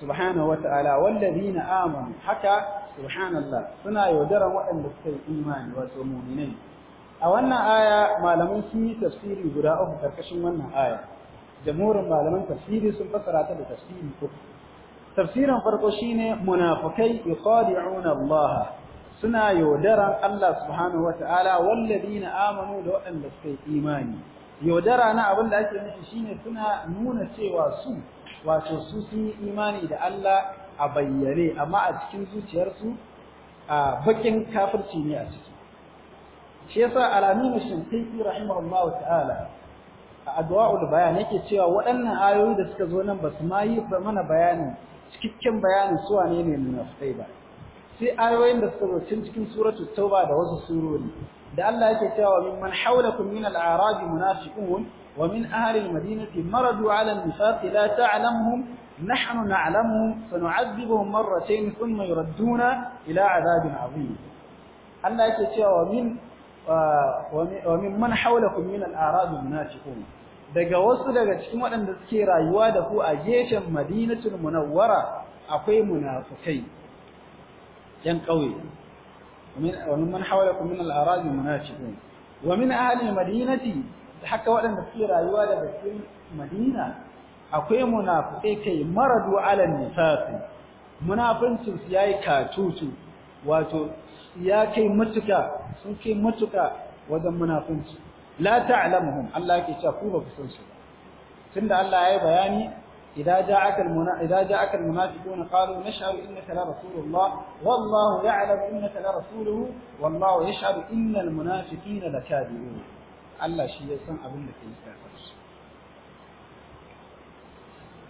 subhanahu wataala walladhina amanu haka subhanallah suna yaudaran waɗanda suka yi imani wato mu'minai a wannan aya malaman sun yi tafsiri guda uku karkashin wannan aya jamhurin malaman tafsiri sun fassara ta da tafsiri uku tafsirin farko shine munafikai yuqadi'una Allah suna yaudaran Allah subhanahu wata'ala walladina amanu da waɗanda suka yi imani yaudara na abin da ake nufi shine suna nuna cewa su wato su sun yi imani da Allah a bayyane amma a cikin zuciyarsu a bakin kafirci ne a ciki shi yasa alamin shinkaiti rahimahullahu ta'ala a adwa'ul bayan yake cewa waɗannan ayoyi da suka zo nan ba su ma yi mana bayanin cikakken bayanin su wane ne munafikai ba sai ayoyin da suka zo tun cikin suratul tauba da wasu surori da Allah yake cewa min man hawlakum min al-a'rab munafiqun wa min ahli al-madinati maradu 'ala an-nifaq la ta'lamuhum nahnu na'lamuhum sanu'adhibuhum marratayn thumma yuradduna ila 'adabin 'azim Allah yake cewa min wa mimman hawlakum min al-a'rab munafiqun daga wasu daga cikin waɗanda suke rayuwa da ku a gefen Madinatul Munawwara akwai munafikai yan kauye wa mimman hawlakum min al-a'rab munafiqun wa min ahli al-madinati haka waɗanda suke rayuwa daga cikin Madina akwai munafikai kai maradu ala nifasi munafincin su yayi katutu wato ya kai matuka sun kai matuka wajen munafunci la ta'lamuhum Allah yake cewa ku ba ku san su tunda Allah yayi bayani idza ja'aka al idza ja'aka al-munafiquna qalu nash'aru innaka la rasulullah wallahu ya'lamu innaka la rasuluhu wallahu yash'aru innal munafiqina lakadibun Allah shi ya san abin da kai tsakaninsu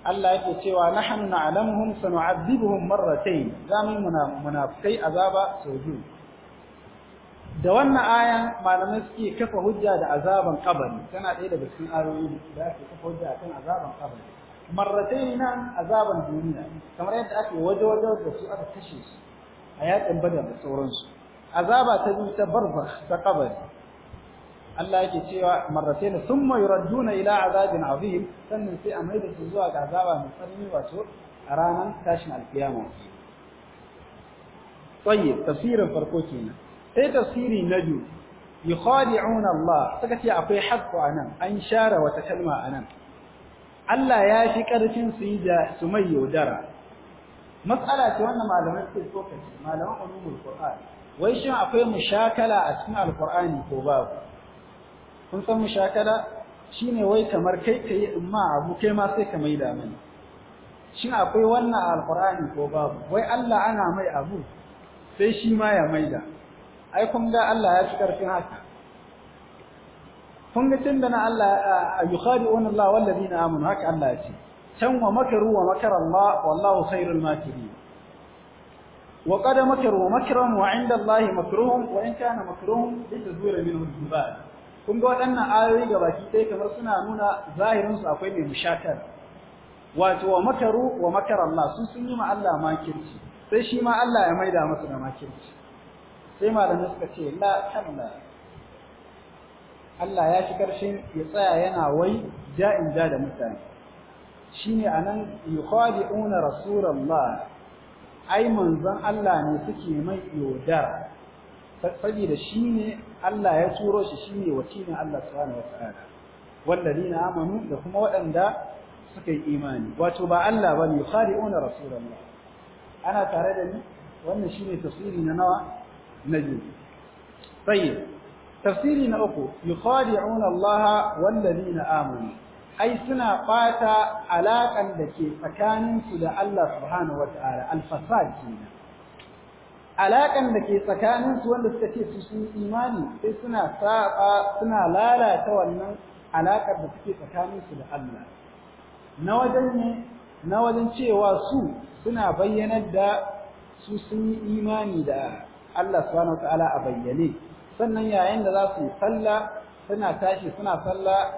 Allah yake cewa nahnu na'lamuhum sanu'adhibuhum marratayn zamu munafikai azaba sau biyu da wannan aya malamai suke kafa hujja da azaban kabari tana ɗaya daga cikin ayoyi da ake kafa hujja akan azaban kabari marratayn nan azaban duniya kamar yadda ake waje waje da su aka kashe su a yakin badar da sauransu azaba ta biyu ta barzakh ta kabari Allah yake cewa marratayn thumma yuradduna ila azabin azim sannan sai a maida su zuwa ga azaba mai tsanani wato a ranar tashin alkiyama tayyib tafsirin farko kenan sai tafsiri na biyu yukhadi'un Allah suka ce akwai haqqo anan an share wata kalma anan Allah ya fi karfin su yi da su mai yaudara matsala ce wannan malamai suke tsokaci malaman ulumul qur'an wai shin akwai mushakala a cikin alqur'ani ko babu kun san mushakala shine wai kamar kai kai amma abu kai ma sai ka maida mani shin akwai wannan alqur'ani ko babu wai Allah ana mai abu sai shi ma ya maida ai kun ga Allah ya ci karfin haka kun ga tunda na Allah yukhadi'una Allah wallazina amanu haka Allah ya ce can wa makaru wa makara Allah wallahu khairul makirin وقد مكروا مكرا وعند الله kana وإن كان مكرهم لتزول منه الجبال kun ga waɗannan ayoyi ga baki ɗaya kamar suna nuna zahirinsu akwai mai mushakar wato wa makaru wa makar Allah su sun yi ma Allah makirci sai shi ma Allah ya maida musu da makirci sai malamai suka ce la kalla Allah ya shi karshen ya tsaya yana wai ja'in ja da mutane shine anan yukhadi'una rasulullah ai manzon Allah ne suke mai yaudara saboda shine Allah ya turo shi shine wakilin Allah subhanahu wataala wallazina amanu da kuma waɗanda suka yi imani wato ba Allah bane yukhadi'una rasulullah ana tare da ni wannan shine tafsiri na nawa na biyu tayyib tafsiri na uku yukhadi'una Allah wallazina amanu ai suna fata alakan da ke tsakaninsu da Allah subhanahu wataala al-fasad kenan alaƙan da ke tsakaninsu wanda suka ce su yi imani sai suna saba suna lalata wannan alaƙar da suke tsakaninsu da Allah na wajen ne na wajen cewa su suna bayyanar da su sun yi imani da Allah subhanahu wataala a bayyane sannan yayin da za su yi sallah suna tashi suna sallah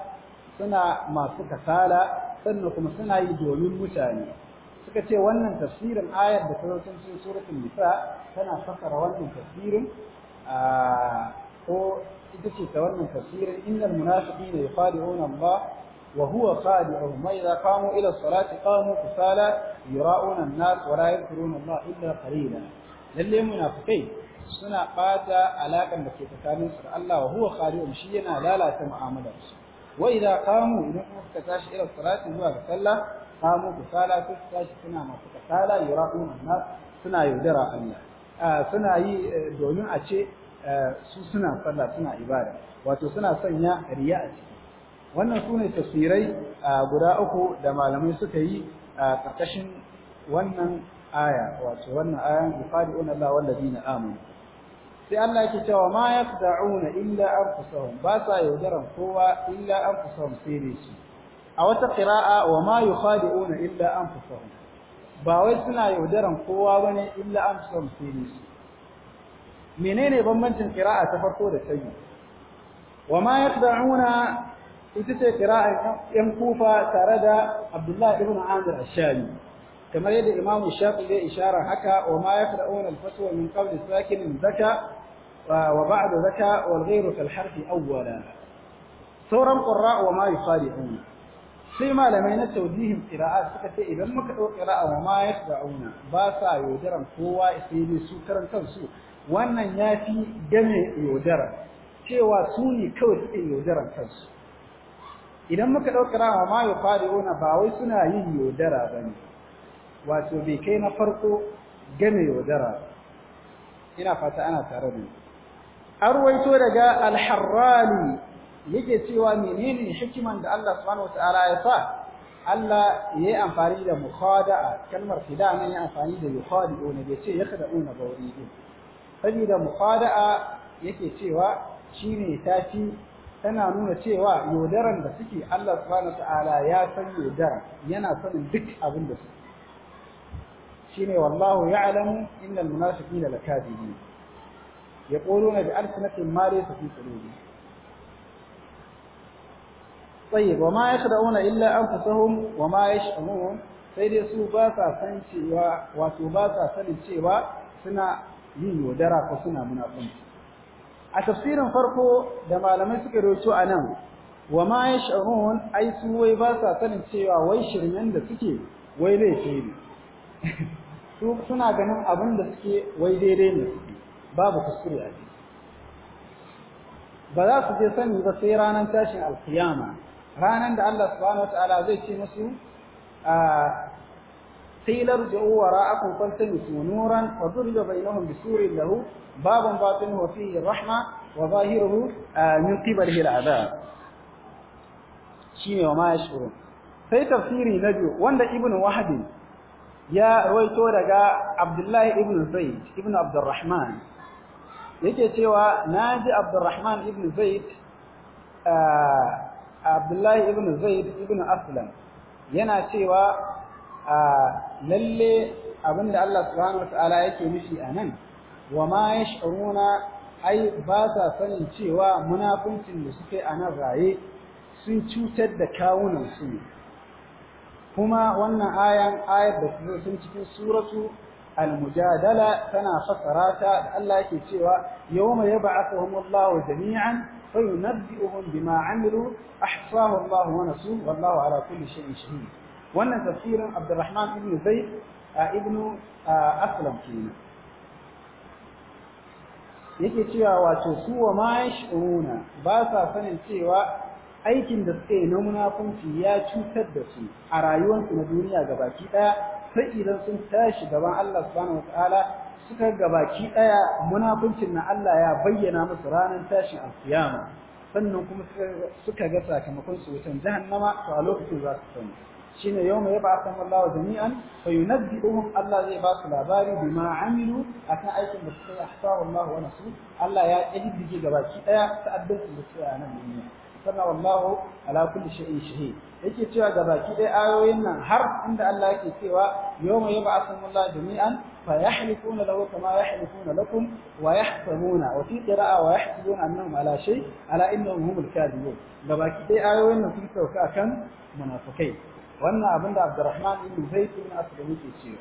suna masu kasala sannan kuma suna yi domin mutane suka ce wannan tafsirin ayar da ta zo cikin suratul nisa tana fassara wannan tafsirin ko ita ce ta wannan tafsirin innal munafiqina yukhadi'una Allah wa huwa khadi'uhum wa idza qamu ila salati qamu kusala yura'una an-nas wa la yadhkuruna Allah illa qalila lalle munafikai suna bata alakan da ke tsakaninsu da Allah wa huwa khadi'uhum shi yana lalata mu'amalarsu wa idza qamu idan kuma suka tashi ila salati zuwa ga sallah qamu kusala su tashi suna masu kasala yura'una nas suna yaudara Allah suna yi eh, domin a ce eh, su suna sallah suna ibada wato suna sanya riya a ciki wannan sune tafsirai guda uku da malamai suka yi a ƙarƙashin wannan aya wato wannan ayan yuqadi'una Allah wallazina amanu sai Allah yake cewa ma yaqda'una illa anfusahum ba sa yaudaran kowa illa anfusahum sai dai su a wata qira'a wa ma yukhadi'una illa anfusahum ba wai suna yaudaran kowa bane illa anfusahum sai dai su menene bambancin qira'a ta farko da ta biyu wa ma yaqda'una ita ce qira'a yan kufa tare da Abdullah ibn Amir ash-Shami kamar yadda imamu shafi zai ishara haka wa ma yaqra'una al-fatwa min qawli sakinin zaka wa da zaka wa ghayru kal harfi awwala sauran qurra wa ma yuqali'un sai malamai na tawdihin qira'at suka ce idan muka dau qira'a wa ma ya yaqra'una ba sa yaudaran kowa sai dai su karan kansu wannan fi game yaudara cewa su ne kawai suke yaudaran kansu idan muka dau qira'a wa ma yi yuqali'una ba wai suna yin yaudara ba ne. wato bai kai na farko game yaudara ina fata ana tare da arwaito daga alharrani yake cewa menene hikiman da Allah subhanahu wataala ya sa Allah ya yi amfani da mukhada'a kalmar fida nan ya amfani da ne bai ce yakhda'una ba wuri din saboda mukhada'a yake cewa shine tafi tana nuna cewa yaudaran da suke Allah subhanahu wataala ya san yaudara yana sanin duk abin da suke shine wallahu ya'lamu innal munafiqina lakadibun yaquluna bi alsinatin ma laysa fi qulubihim طيب وما يخدعون إلا أنفسهم وما يشعرون sai dai su ba sa san cewa su ba sa sanin cewa suna yin yaudara ko suna munafunci a tafsirin farko da malamai suka rawaito a nan wa ma yash'urun ai su wai ba sa sanin cewa wai shirmen da suke wai laifi ne su suna ganin abin da suke wai daidai ne suke babu kuskure a ciki ba za su je sani ba sai ranar tashin alkiyama ranar da Allah subhanahu wataala zai ce musu a قيل ارجعوا وراءكم فالتمسوا نورا وضرب بينهم بسور له باب باطنه فيه الرحمة وظاهره من قبله العذاب شين وما يشعرون في تفسيري نجو وند ابن وحد ya ruwaito daga Abdullahi ibn Zaid ibn Abdurrahman yake cewa naji Abdurrahman ibn Zaid Abdullahi ibn Zaid ibn Aslam yana cewa lalle abinda Allah subhanahu wataala yake a anan wa ma yash'uruna ai ba sa sanin cewa munafincin da suke a nan raye sun cutar da kawunan su kuma wannan ayan ayar da su sun cikin suratu al-mujadala tana fassara ta da Allah yake cewa yawma yab'athuhum Allahu jami'an fayunabbi'uhum bima 'amilu ahsahu Allah wa nasuhu wallahu ala kulli shay'in shahid wannan tafsirin Abdurrahman ibn Zaid ibn Aslam kenan yake cewa wato su wa ma ba sa sanin cewa aikin da suka yi na munafunci ya cutar da su a rayuwarsu na duniya gabaki daya sai idan sun tashi gaban Allah subhanahu wataala suka gabaki daya munafuncin na Allah ya bayyana musu ranar tashin alkiyama sannan kuma suka ga sakamakon su wutan jahannama to a lokacin za su sani shine yawma yab'athum Allahu jami'an fayunabbi'uhum Allah zai ba su labari bima amilu akan aikin da suka yi ahsahu Allah wa nasu Allah ya kididdige gabaki daya ta su da su a nan duniya sannan wallahu ala kulli shay'in shahid yake cewa ga baki dai ayoyin nan har inda Allah yake cewa yawma yab'athumullahu jami'an fa yahlifuna lahu kama yahlifuna lakum wa yahsabuna wa fi qira'a wa yahsabuna annahum ala shay ala innahum humul kadhibun ga baki dai ayoyin nan sun sauka akan munafikai wannan abinda Abdurrahman ibn Zaid ibn Asad yake cewa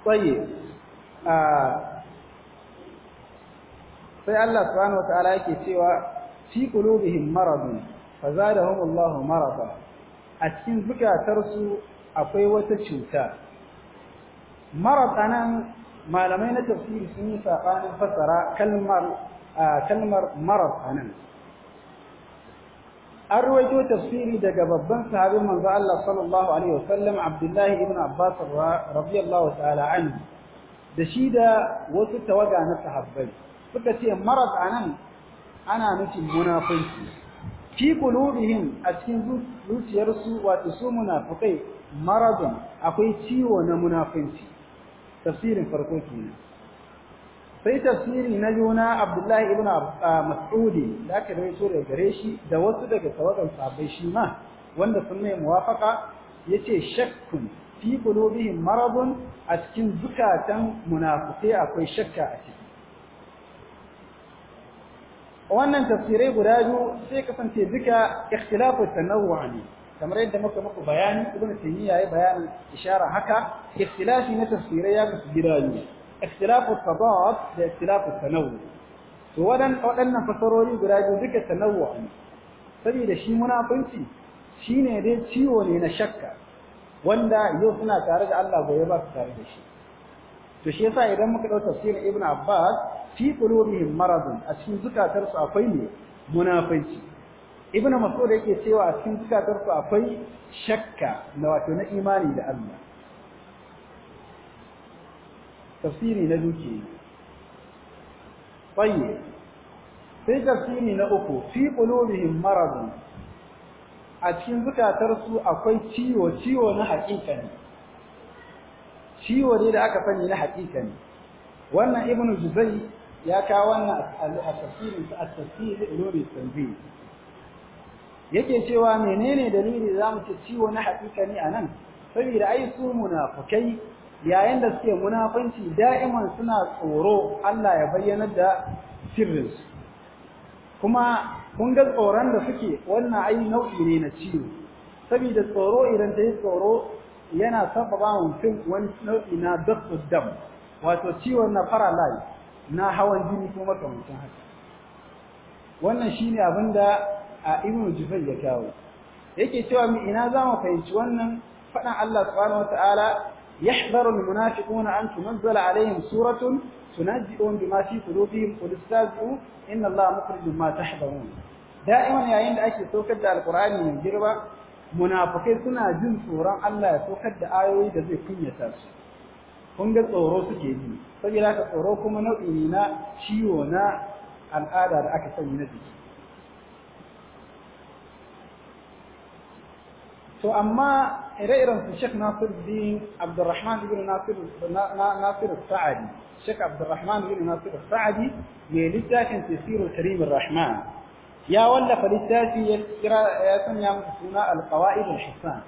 طيب sai Allah subhanahu wataala yake cewa fi qulubihim maradun fazadahum Allahu marada a cikin zukatarsu akwai wata cuta marad anan malamai na tafsiri sun yi sabanin fasara kalmar kalmar marad anan an ruwaito tafsiri daga babban sahabi manzo Allah sallallahu alaihi wasallam Abdullah ibn Abbas radiyallahu ta'ala anhu da shi da wasu tawaga na sahabbai suka ce maras anan ana nufin munafiki fi qulubihim a cikin zuciyarsu wato su munafukai maradun akwai ciwo na munafinci tafsirin farko kenan sai tafsiri na juna Abdullahi ibn Mas'ud da aka so daga gare shi da wasu daga tawagan sabai shi ma wanda sun mai muwafaka yace shakkun fi bihin maradun a cikin zukatan munafukai akwai shakka a ciki wannan tafsirai guda biyu sai kasance duka ikhtilafu tanawwu ne kamar yadda muka muku bayani ibnu taymiya yayi bayanin ishara haka ikhtilafi na tafsirai ya kasu gida biyu ikhtilafu tadad da ikhtilafu tanawwu to wadan wadannan fasarori guda biyu duka tanawwu ne saboda shi munafunci shine dai ciwo ne na shakka wanda yau suna tare da Allah gobe ba su tare da shi to shi yasa idan muka dau tafsirin ibnu abbas fi qulubihim maradun a cikin zukatarsu akwai ne munafici ibnu mas'ud yake cewa a cikin zukatarsu akwai shakka na wato na imani da Allah tafsiri na duke tayyib sai tafsiri na uku fi qulubihim maradun a cikin zukatarsu akwai ciwo ciwo na hakika ne ciwo ne da aka sani na hakika ne wannan ibnu juzai ya kawo wannan a tafsirin sa at-tafsir ulumi yake cewa menene dalili mu ce ciwo na hakika ne anan saboda ai su munafikai yayin da suke munafanci da'iman suna tsoro Allah ya bayyana da sirrin su kuma kun ga tsoron da suke wannan ai nau'i ne na ciwo saboda tsoro idan ta yi tsoro yana sababa mutum wani nau'i na dam wato ciwon na paralyze na hawan jini ko makamancin haka wannan shi ne abinda a ibn jufai ya kawo yake cewa mu ina zamu fahimci wannan faɗan allah subhanahu wa ta'ala yahbaru almunafiqun an tunzala alaihim suratun tunajjiun bima fi qulubihim qul istazu inna allah mukhrijum ma tahbarun da'iman yayin da ake saukar da alqur'ani mai girba munafukai suna jin tsoron allah ya saukar da ayoyi da zai kunyata su kunga tsoro suke ji saboda ka tsoro kuma nau'i ne na ciwo na al'ada da aka sani na jiki to amma ire-iren su Sheikh Nasiruddin Abdulrahman ibn Nasir na Nasir Sa'adi Sheikh Abdulrahman ibn Nasir Sa'adi ne littafin Tafsirul Karim ar Rahman ya wallafa littafi ya kira ya sanya masa suna Al-Qawaid Al-Hisan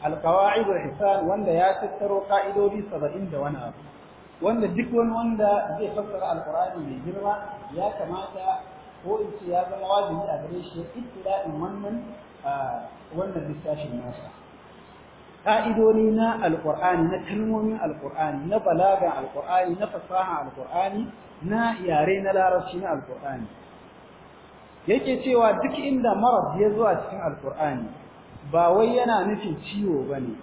alqawaidul ihsan wanda ya tattaro ka'idodi 70 da wani abu wanda duk wani wanda zai fassara alkur'ani mai girma ya kamata ko in ce ya zama wajibi a gare shi ittila'in wannan wannan lissafin nasa ka'idodi na alkur'ani na kalmomin alkur'ani na balaga alkur'ani na fasaha alkur'ani na yare na larabci na alkur'ani yake cewa duk inda marar ya zo a cikin alkur'ani ba wai yana nufin ciwo bane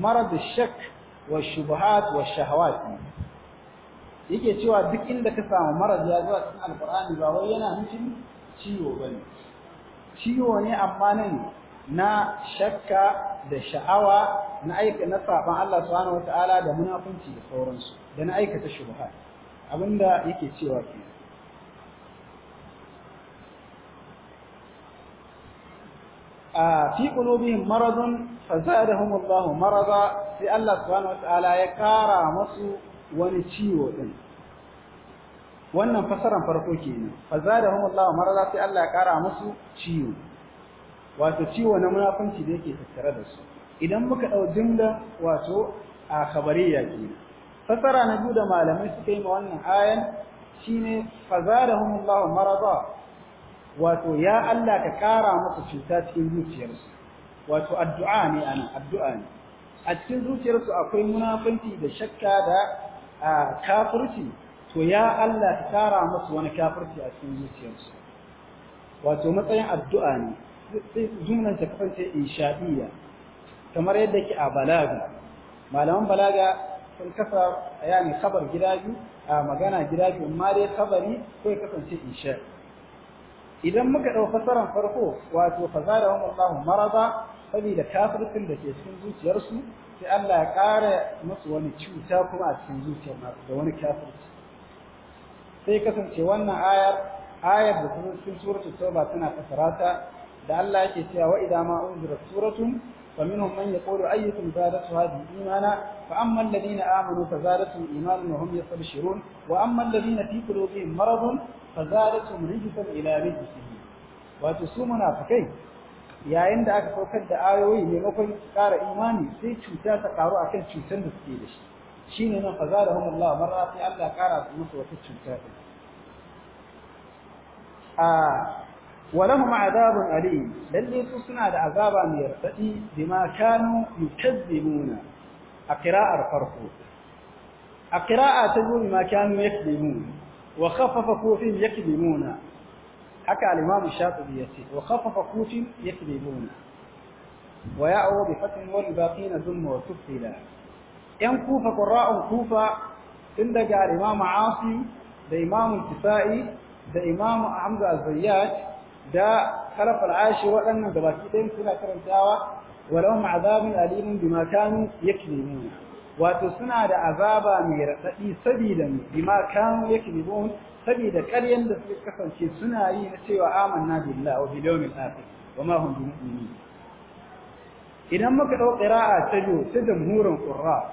marad shak wa shubhat wa shahawat yake cewa duk inda ka samu marad ya zuwa cikin alqur'ani ba wai yana nufin ciwo bane ciwo ne amma nan na shakka da sha'awa na aika na saban Allah subhanahu wataala da munafunci da sauransu da na aikata shubha abinda yake cewa kenan fi qulubihim maradun fazadahum Allah Maraza, sai Allah subhanahu wataala ya kara masu wani ciwo din wannan fasaran farko kenan fazadahum Allah Maraza, sai Allah ya kara masu ciwo wato ciwo na munafunci da yake tattare da su idan muka ɗau jumla wato a kabari ya ke. fasara na biyu da malamai suka yi ma wannan ayan shine fazadahum Allah Maraza. wato ya Allah ka ƙara masa cuta cikin zuciyarsu wato addu'a ne ana addu'a ne a cikin zuciyarsu akwai munafunci da shakka da kafirci to ya Allah ka ƙara masa wani kafirci a cikin zuciyarsu wato matsayin addu'a ne jumlan ta kafance insha'iyya kamar yadda ke a balaga malaman balaga sun kasa yani kabar gida biyu a magana gida biyu amma dai kabari, ko ya kasance insha'i idan muka ɗau fasaran farko wato fazara Umar Allahu marada saboda kafircin da ke cikin zuciyarsu sai Allah ya ƙara musu wani cuta kuma a cikin zuciyar masu da wani kafirci sai kasance wannan ayar ayar da kuma cikin suratul tauba tana fasarata da Allah yake cewa wa idza unzira suratun ومنهم من يقول أيكم زادته هذه إيمانا فأما الذين آمنوا فزادتهم إيمانا وهم يستبشرون وأما الذين في قلوبهم مرض فزادتهم رجسا إلى رجسهم وتسومنا فكيف yayin da aka saukar da ayoyi maimakon ƙara imani sai cuta ta karu kan cutar da suke da shi shine nan fazarahum Allah marra sai Allah ƙara su musu wata cuta a ولهم عذاب أليم للي تصنع العذاب أن يرتدي بما كانوا يكذبون القراءة الفرق القراءة تقول بما كانوا يكذبون وخفف كوف يكذبون حكى الإمام الشاطبي يسير وخفف كوف يكذبون ويعو بفتح والباقين ذم وكفلا إن كوف قراء kufa إن daga الإمام عاصي da إمام الكفائي da إمام عمد Azayyat da harf al'ashi waɗannan gabaki ɗayan suna karantawa walau azabun alimun bima kanu yakzibun wato suna da azaba mai raɗaɗi sabida bima kanu yakzibun sabida ƙaryen da suka kasance suna yi na cewa amanna billahi wa bil yawmil akhir wa ma hum bimu'minin idan muka dau qira'a ta jo ta jamhurin qurra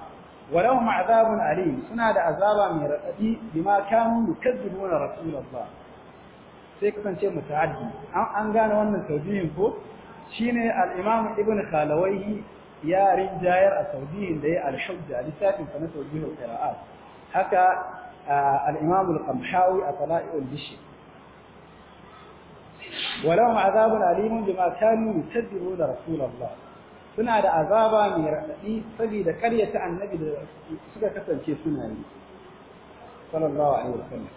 walau azabun alim suna da azaba mai raɗaɗi bima kanu yukazzibuna rasulullah sai kasance mutaaddi an gane wannan tawjihin ko shine al-imam ibn khalawayhi ya rinjayar a tawjihin da ya al-hujja littafin sa na tawjihul qira'at haka al-imam al-qamhawi a tala'il bishi ولهم عذاب أليم بما كانوا يكذبون رسول الله suna da azaba mai raɗaɗi saboda karyata annabi da suka kasance suna yi sallallahu alaihi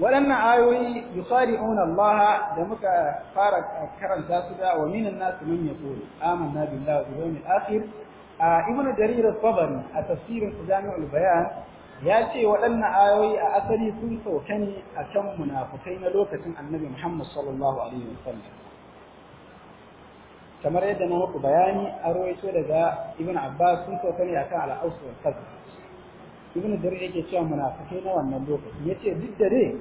waɗannan ayoyi yusari'una Allah da muka fara karanta su da wa minan nas man yaqulu amanna billahi wal yawmil akhir ibnu jarir al-tabari a tafsirin jami'ul bayan ya ce waɗannan ayoyi a asali sun sauka ne kan munafukai na lokacin annabi Muhammad sallallahu alaihi wasallam kamar yadda na muku bayani a rawaito daga ibnu abbas sun sauka ne akan al-aus wal ibnu dare yake cewa munafikai na wannan lokaci yace duk dare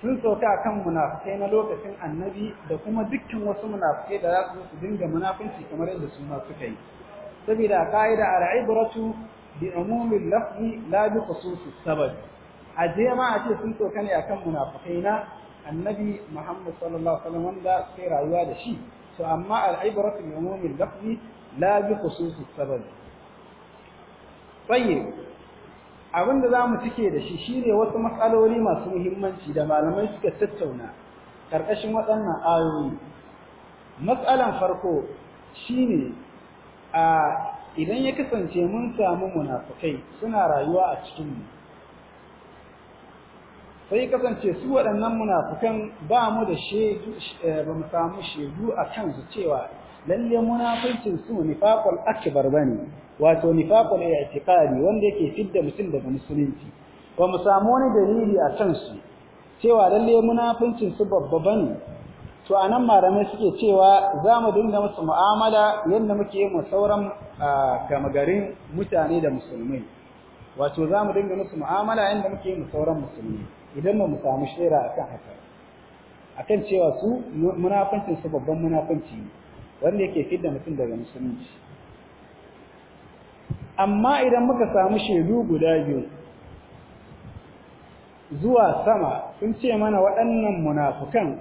sun sauka kan munafikai na lokacin annabi da kuma dukkan wasu munafikai da za su su dinga munafinci kamar yadda su ma suka yi saboda kaida al-ibratu bi umumil lafzi la bi khususis sabab aje ma a ce sun sauka ne akan munafikai na annabi Muhammad sallallahu alaihi wasallam wanda sai rayuwa da shi to amma al-ibratu bi umumil lafzi la bi khususis sabab tayyib abin da za mu cike da shi shine wasu matsaloli masu muhimmanci da malamai suka tattauna ƙarƙashin waɗannan ayoyi matsalan farko shine a idan ya kasance mun samu munafukai suna rayuwa a cikinmu, sai kasance su waɗannan munafukan ba mu da shedu eh, ba mu samu shaidu a kansu cewa lalle munafukin su nifaqul akbar bane wato nifaqul i'tiqadi wanda yake fidda mutum daga musulunci ba mu samu wani dalili a kan su cewa lalle munafincin su babba bane to anan malamai suke cewa za mu dinga musu mu'amala yadda muke yi mu sauran gama garin mutane da musulmai wato za mu dinga musu mu'amala yadda muke yi mu sauran musulmai idan mu samu shira akan haka akan cewa su munafincin su babban munafinci wanda yake fidda mutum daga musulunci amma idan muka samu shedu guda biyu zuwa sama sun ce mana waɗannan munafukan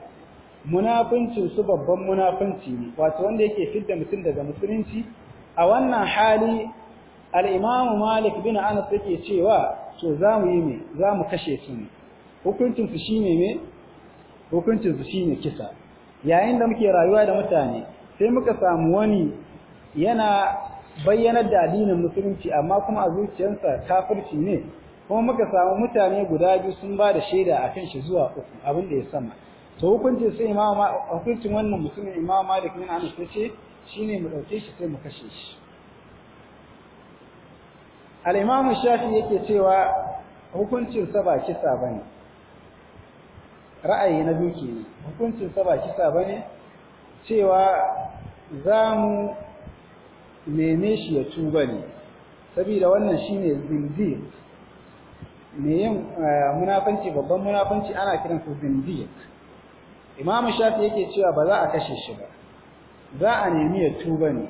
munafincin su babban munafunci ne wato wanda yake fidda mutum daga musulunci a wannan hali al Malik bin Anas yake cewa to mu yi za mu kashe su ne hukuncinsu shi ne me Hukuncinsu shi ne kisa yayin da muke rayuwa da mutane sai muka samu wani yana bayyanar da addinin musulunci amma kuma a zuciyarsa kafirci ne kuma muka samu mutane guda biyu sun ba da shaida a kan shi zuwa uku abin da ya sama to hukuncin sai imama hukuncin wannan musulmin imama malik bin anas shi shine mu dauke shi sai mu kashe shi al-imam shafi yake cewa hukuncin sa ba kisa bane ra'ayi na biyu hukuncin sa ba kisa bane cewa za mu neme shi ya tuba ne saboda wannan shine zindiq me yin eh, munafanci babban munafanci ana kiransa zindiq imamu shafi yake cewa ba za a kashe shi ba za a nemi ya tuba ne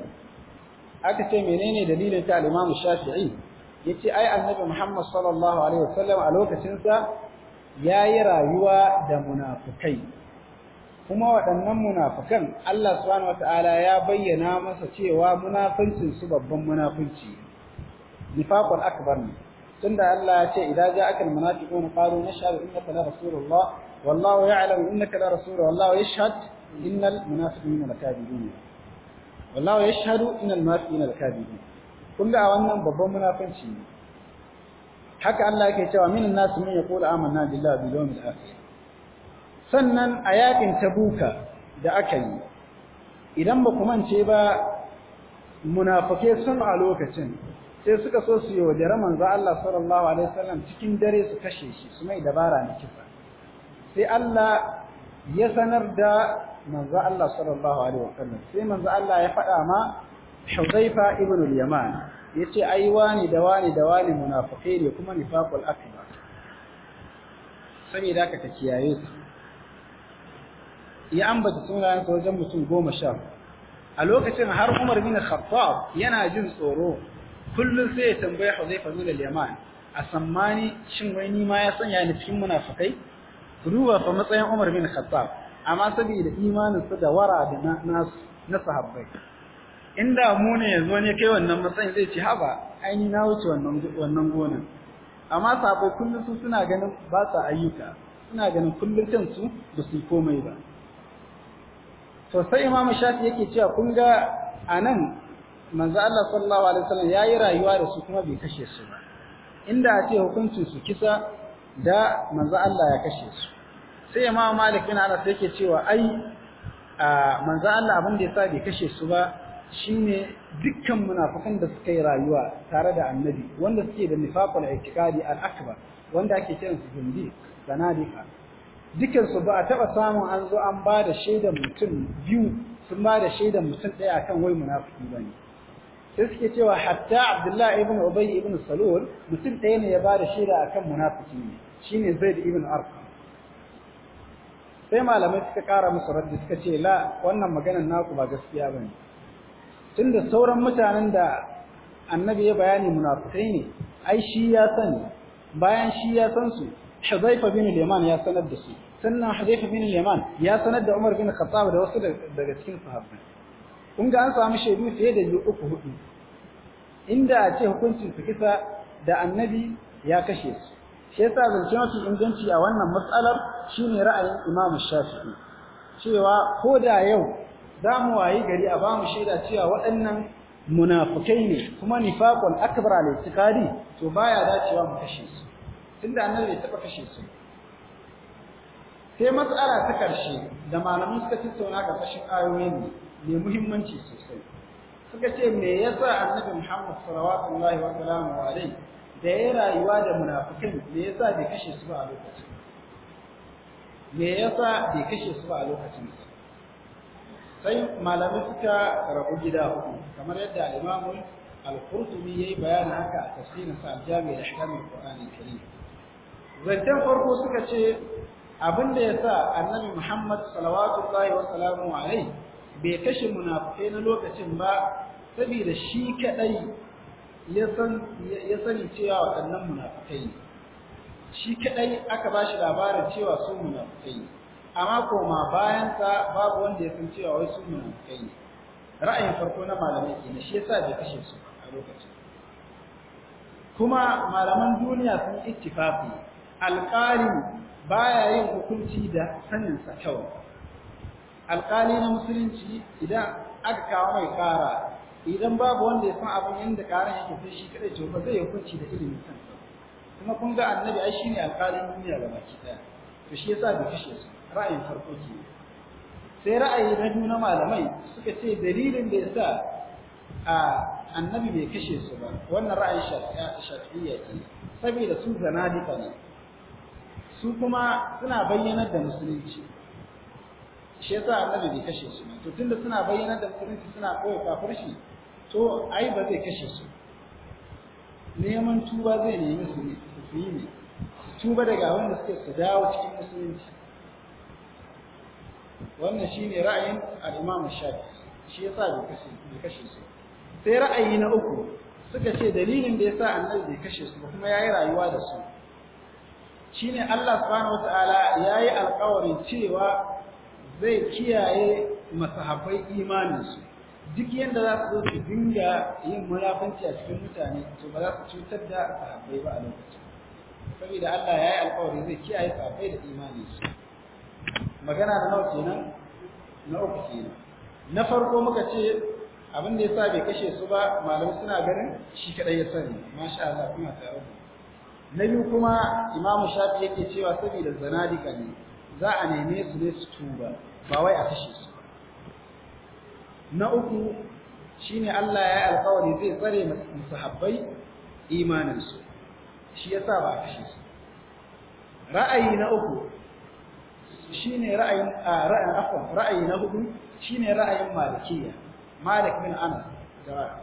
aka ce menene dalilin ta al-imamu shafi'i yace ai annabi Muhammad sallallahu alaihi wasallam a lokacin sa yayi rayuwa da munafukai kuma waɗannan munafikan Allah subhanahu wataala ya bayyana masa cewa munafincin su babban munafinci nifaqul akbar ne tunda Allah ya ce idan ja'akal munafiquna qalu nashhadu innaka la rasulullah wallahu ya'lamu innaka la rasul wallahu yashhad innal munafiqina lakadibun wallahu yashhadu innal munafiqina lakadibun tunda a wannan babban munafinci ne haka Allah yake cewa minan nas man yaqulu amanna billahi bil yawmil akhir sannan a yakin tabuka da aka yi idan ba ku ce ba munafake sun a lokacin sai suka so su yaudara za' Allah sallallahu alaihi sallam, cikin dare su kashe shi su mai dabara na kisa sai Allah ya sanar da manzo Allah sallallahu alaihi wasallam sai manzo Allah ya faɗa ma Hudhaifa ibn al-Yaman yace ai wani da wani da wani munafiki ne kuma nifaqul akbar sani da ka kiyaye su ya ambata sunayensa wajen mutum goma sha a lokacin har Umar bin Khattab yana jin tsoro kullum sai ya tambaye Huzaifa bin da yaman a sammani shin wai ni ma ya sanya ni cikin munafikai ruwa fa matsayin Umar bin Khattab amma saboda imanin da wara da nasu na sahabbai inda mu ne yanzu ne kai wannan matsayin zai ci haba ai ni na wuce wannan wannan gona amma sabo kullun su suna ganin ba sa ayyuka suna ganin kullun kansu ba su komai ba to sai imamu shafi yake cewa kun ga anan manzo Allah sallallahu alaihi wasallam yayi rayuwa da su kuma bai kashe su ba inda a ce hukuncin su kisa da manzo Allah ya kashe su sai imamu malik bin anas yake cewa ai manzo Allah abin da yasa bai kashe su ba shine dukkan munafikan da suka yi rayuwa tare da annabi wanda suke da nifaqul i'tiqadi al-akbar wanda ake kiransu zindiq zanadika dukansu ba a taɓa samun an zo an ba da shaidan mutum biyu sun ba da shaidan mutum ɗaya akan wai munafiki ba ne sai suke cewa hatta abdullahi ibn ubay ibn salul mutum ɗaya ne ya ba da shaida akan munafiki ne shine zaid ibn arqam sai malamai suka ƙara musu raddi suka ce la wannan maganar naku ba gaskiya ba ne tunda sauran mutanen da annabi ya bayani munafikai ne ai shi ya sani bayan shi ya san su Hudhaifa bin Yaman ya sanar da su sannan Hudhaifa bin Yaman ya sanar da Umar bin Khattab da wasu daga cikin sahabbai kun ga an samu shaidu fiye da uku hudu inda a ce hukuncin su kisa da annabi ya kashe su shi yasa zance mafi inganci a wannan matsalar shine ra'ayin Imam Shafi'i cewa ko da yau za mu wayi gari a bamu shaida cewa waɗannan munafukai ne kuma nifaqul akbar al-i'tiqadi to baya dacewa mu kashe su tunda annabi bai taba kashe su sai matsala ta karshe da malamin suka tattauna ga kashin ayoyin ne mai muhimmanci sosai suka ce me yasa annabi Muhammad sallallahu wa sallam alaihi da ya rayuwa da munafukan, me yasa bai kashe su ba a lokacin me yasa bai kashe su ba a lokacin sai malamin suka rabu gida uku kamar yadda al-Imam al-Qurtubi yayi bayani haka a tafsirin sa al-Jami' al-Ahkam al qurani al-Karim zancen farko suka ce abin da ya sa annabi Muhammad salawatullahi wa salamu alai bai kashe munafukai na lokacin ba saboda shi kadai ya sani cewa waɗannan munafukai shi kadai aka ba shi labarin cewa su munafukai amma koma bayansa babu wanda ya san cewa wai su munafukai ra'ayin farko na malamai kenan shi yasa bai kashe su a lokacin kuma malaman duniya sun ittifafi alƙali ya yin hukunci da saninsa kyau alƙali na musulunci idan aka kawo mai ƙara idan babu wanda ya san abin yadda ƙaran yake sai shi kaɗai ce ba zai hukunci da ilimin kansa kuma kun ga annabi ai shine alƙalin duniya ga baki ɗaya to shi yasa bai kashe su ra'ayin farko ke sai ra'ayi na biyu na malamai suka ce dalilin da yasa a annabi bai kashe su ba wannan ra'ayin shafi'iyya ce saboda su zanadika ne su kuma suna bayyanar da musulunci shi yasa annabi bai kashe su to tunda suna bayyanar da musulunci suna koya kafirci to ai ba zai kashe su neman tuba zai nemi su ne su yi ne su tuba daga wanda suke su dawo cikin musulunci wannan shine ra'ayin al-Imam Shafi shi yasa bai kashe bai kashe su sai ra'ayi na uku suka ce dalilin da yasa annabi bai kashe su kuma yayi rayuwa da su shine Allah subhanahu wataala yayi alƙawarin cewa zai kiyaye masahabbai su duk yanda za su zo su dinga yin munafunci a cikin mutane to ba za su cutar da sahabbai ba a lokacin saboda Allah yayi yi alƙawari zai kiyaye sahabbai da su magana da nawa kenan na uku kenan na farko muka ce abin da yasa bai kashe su ba malamai suna ganin shi kaɗai ya sani masha Allah kuma ta na biyu kuma imamu shafi yake cewa saboda zanadika ne za a neme su ne su tuba ba wai a kashe su na uku shine Allah ya yi alƙawari zai tsare musahabbai imanin su shi yasa ba a kashe su ra'ayi na uku shine ra'ayin ra'ayin afwan ra'ayi na hudu shine ra'ayin malikiya malik bin anas da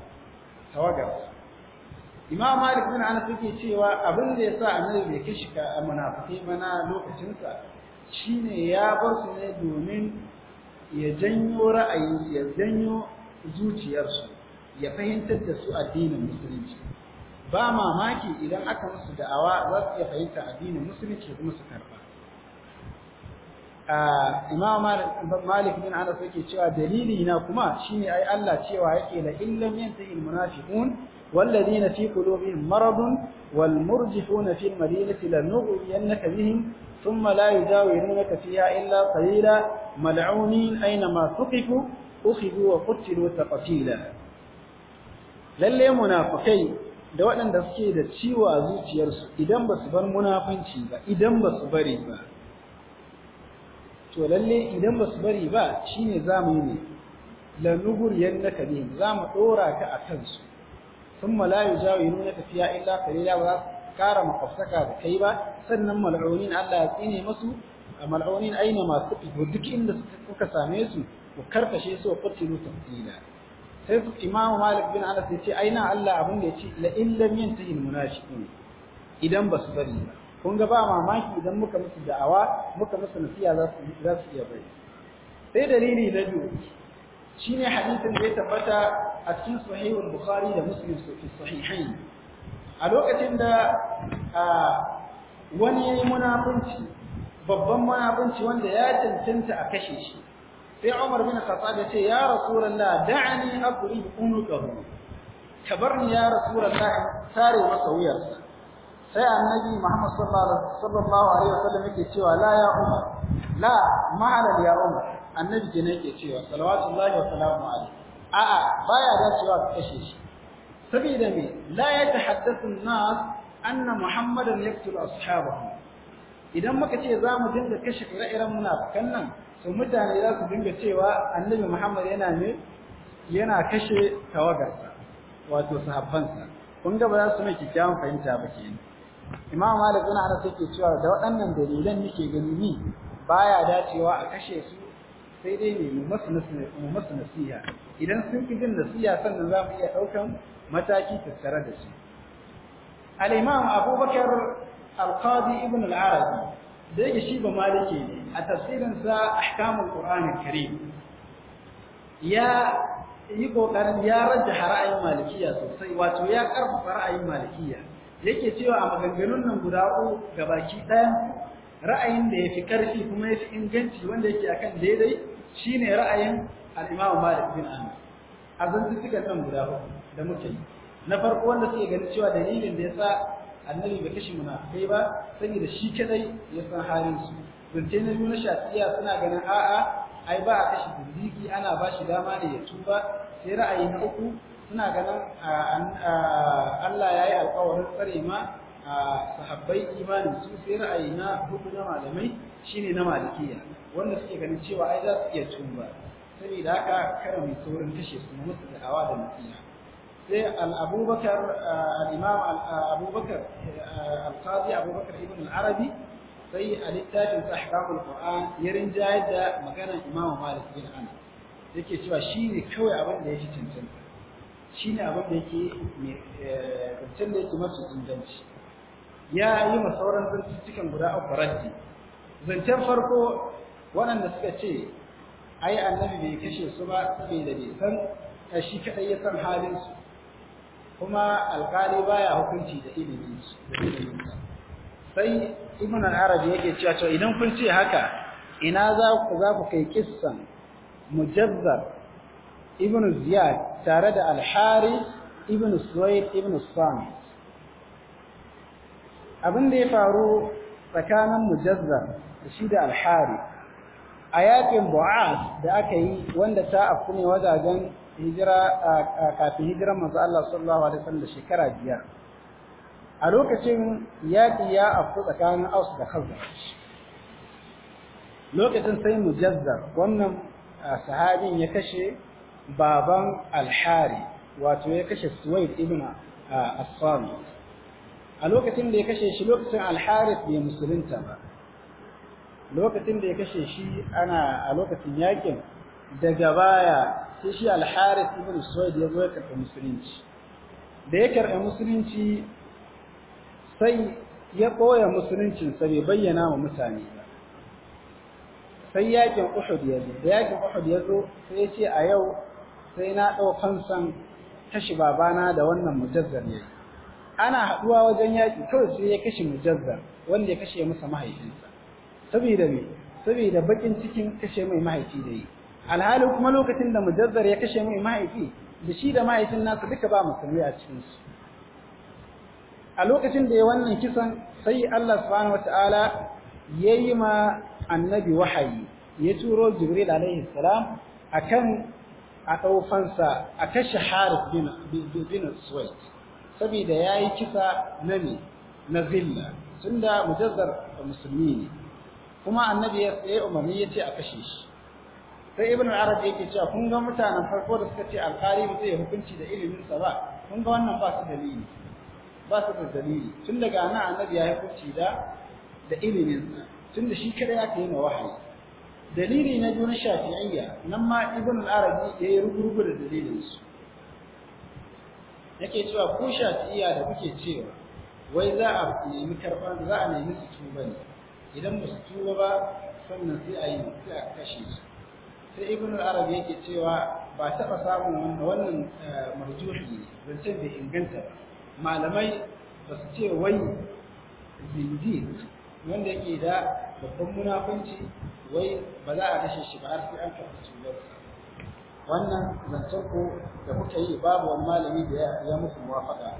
tawagar imam malik bin anas yake cewa abin da yasa annabi bai kishi ka munafiki mana lokacin sa shine ya bar su ne domin ya janyo ra'ayin su, ya janyo zuciyarsu ya fahimtar da su addinin musulunci ba mamaki idan aka musu da'awa za su iya fahimta addinin musulunci kuma su karba imam malik bin anas yake cewa dalili na kuma shine ai Allah cewa yake la illam yantahi munafiqun والذين في قلوبهم مرض والمرجفون في المدينة لنغوينك بهم ثم لا يجاورونك فيها إلا قليلا ملعونين أينما ثقفوا أخذوا وقتلوا تقتيلا lalle munafikai da waɗanda suke da ciwo a zuciyarsu idan ba su bar munafunci ba idan ba su bari ba to lalle idan ba su bari ba shine zamu ne ka yannaka Za mu ɗora ka a kansu thumma la yujawirunaka tafiya illa qalila ba za su kara makwabtaka da kai ba sannan mal'aunin Allah ya tsine masu mal'aunin aina masu fito duk inda suka same su ku karkashe su qatilu tafsila sai su imamu malik bin anas ya ce aina Allah abin da ya ce la in lam yantahi munafiqun idan ba su bari ba kun ga ba mamaki idan muka musu da'awa muka musu nasiha za za su iya bari sai dalili na biyu ne hadisin da ya tabbata a cikin sahihul bukhari da muslim fi sahihain a lokacin da wani ya yi munafunci babban munafunci wanda ya cancanta a kashe shi sai Umar bin Khattab ya ce ya rasulullah da'ani aqrib unukahu kabarni ya rasulullah sare masa wuyarsa sai annabi Muhammad sallallahu alaihi wasallam yake cewa la ya Umar la ma'ana ya Umar annabi kenan ke cewa salawatullahi wa salamu alaihi a'a baya dacewa ka kashe shi saboda me la yatahaddathu an-nas anna muhammadan yaqtulu ashabahu idan muka ce za mu dinga kashe ra'ayin iren munafikan nan to mutane za su dinga cewa annabi muhammad yana ne yana kashe tawagarsa wato sahabbansa kun ga ba za su miki kyakkyawan fahimta ba ke imam malik yana ana take cewa da waɗannan dalilan nake gani ni baya dacewa a kashe su sai dai ne mu masu nasiha idan sun fi jin nasiha sannan za mu iya ɗaukan mataki tattare da su al'imam abubakar alkazi ibn al'arabi da yake shi ba maliki ne a tafsirinsa ahkamul qur'anil karim ya yi ƙoƙarin ya rajja ra'ayin malikiya sosai wato ya ƙarfafa ra'ayin malikiya yake cewa a maganganun nan guda uku baki ɗaya ra'ayin da ya fi karfi kuma yafi inganci wanda yake kan daidai shine ra'ayin al-Imam Malik bin Anas azan suka kan guda da muke na farko wanda suke ganin cewa dalilin da ya sa annabi bai kashe kai ba saboda shi kadai ya san halin su zance na biyu na shafiya suna ganin a'a ai ba a kashe zindiki ana ba shi dama ne ya tuba sai ra'ayi na uku suna ganin Allah ya yi alƙawarin tsare ma a sahabbai imanin su sai ra'ayi na hudu na malamai shine na malikiya wanda suke ganin cewa ai za su iya tumba saboda haka kada mu saurin kashe su mu musu da'awa da nasiha sai al-Abubakar al-Imam al-Abubakar al-Qadi Abubakar ibn al-Arabi sai a littafin sa Ahkamul Qur'an ya rinjaye da maganar Imam Malik bin Anas yake cewa shine kawai abin da yake cancanta shine abin da yake mai eh, cancanta yake masu inganci ya yi ma sauran guda a faranti. zancen farko waɗanda suka ce ai annabi bai kashe su ba saboda bai san shi kaɗai ya san halinsu kuma alƙali baya hukunci da ilimin su sai ibn al-arabi yake cewa to idan kun ce haka ina za ku za ku kai kissan mujazzar ibn ziyad tare da al-harith ibn suwayd ibn sami abin da ya faru tsakanin mujazzar da shi da alhari a yakin bu'as da aka yi wanda ta afku ne wajajen hijira kafin hijiran manzo Allah sallallahu alaihi wasallam da shekara biyar a lokacin yaƙi ya afku tsakanin Aus da Khazraj lokacin sai mujazzar wannan sahabin ya kashe baban alhari wato ya kashe Suwaid ibn as-Samit a lokacin da ya kashe shi lokacin alharis ne bai musulunta ba lokacin da ya kashe shi ana a lokacin yakin daga baya sai shi alharis ibn suwaid ya zo ya musulunci da ya karɓi musulunci sai ya ɓoye musuluncin sa bai bayyana wa mutane ba sai yakin Uhud ya zo da yakin Uhud ya zo sai ya ce a yau sai na ɗau fansan tashi babana da wannan mujazzar yayi ana haduwa wajen yaki kawai sai ya kashe mujazza wanda ya kashe masa mahaifinsa saboda me saboda bakin cikin kashe mai mahaifi da yi alhali kuma lokacin da mujazzar ya kashe mai mahaifi da shi da mahaifin nasa duka ba musulmi a cikin su a lokacin da ya wannan kisan sai Allah subhanahu wataala yayi ma annabi wahayi ya turo jibril alaihi salam akan a daufansa a kashe harith bin bin suwaid saboda yayi kisa na ne na zilla tunda mujazzar musulmi ne kuma annabi ya tsaye umarni yace a kashe shi sai ibn al-arab yake cewa kun ga mutanen farko da suka ce alqari ba zai hukunci da ilimin sa ba kun ga wannan ba su dalili ba su da dalili tun daga nan annabi ya hukunci da da ilimin sa tunda shi kada ya kai ma wahayi dalili na juna shafi'iyya nan ma ibn al-arabi yayi rugurugu da dalilin su yake cewa ku shafi'iya da kuke cewa wai za a nemi karfan za a nemi su tuba ne idan ba su tuba ba sannan sai a yi sai a kashe su sai ibn al-arab yake cewa ba taɓa samun wannan wannan eh, marjuhi ne bai inganta ba malamai ba su ce wai zindiq wanda yake da babban munafunci wai ba za a kashe shi ba har sai an karɓi tubarsa wannan zancen ko da kuka yi babu wani malami da ya muku muwafaka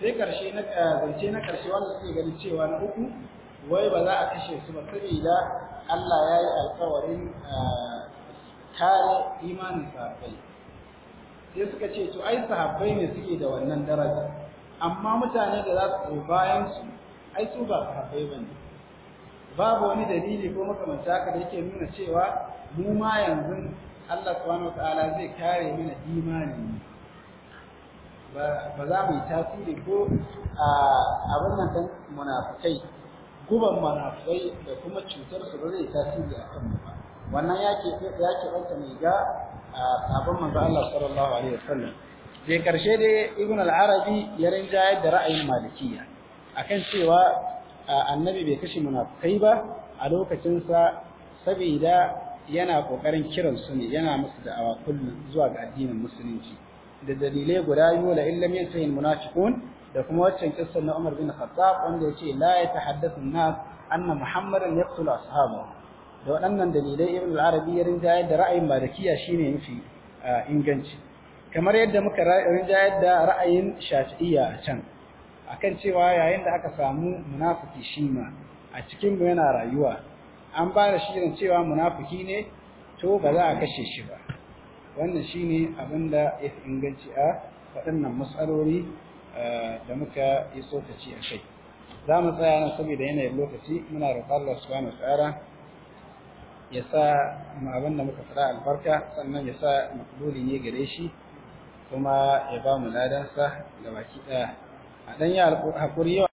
sai karshe na eh, zance na karshe wanda suke gani cewa na uku wai ba za a kashe su ba saboda Allah ya yi alkawarin eh, kare imanin sahabbai sai suka ce to ai sahabbai ne suke da wannan daraja amma mutane da za su zo bayan su ai su ba sahabbai bane babu wani dalili ko makamanta haka da yake nuna cewa mu ma yanzu Allah subhanahu wataala zai kare mana imani ba za mu yi tasiri ko a abin nan ɗan munafukai guban munafukai da kuma cutar su ba zai tasiri a kan ba wannan ya ke ya ɗauka mai ga sabon manzo Allah sallallahu alaihi wasallam je karshe dai ibn al-arabi ya rinja da ra'ayin malikiya akan cewa annabi bai kashe munafukai ba a lokacinsa saboda yana kokarin kiran su ne yana musu da'awa kullum zuwa ga addinin musulunci da dalilai guda biyu la illam yantahi munafiqun da kuma waccan kissa na Umar bin Khattab wanda yace la yatahaddathu an-nas anna Muhammadan yaqtulu ashabu da waɗannan dalilai Ibn al-Arabi ya rinjayar da ra'ayin Malikiya shine yafi inganci kamar yadda muka rinjayar da ra'ayin Shafi'iyya a can akan cewa yayin da aka samu munafiki shima a cikin yana rayuwa an ba da shirin cewa munafiki ne to ba za a kashe shi ba wannan shine abin da ya fi inganci a waɗannan matsaloli eh, da muka yi tsokaci a kai za mu tsaya na saboda yanayin lokaci muna roƙar Allah subhanahu wa ta'ala ya sa mu abin da muka fara albarka sannan ya sa makbuli ne gare shi kuma ya ba mu ladansa da baki ɗaya a ɗan yi haƙuri yawa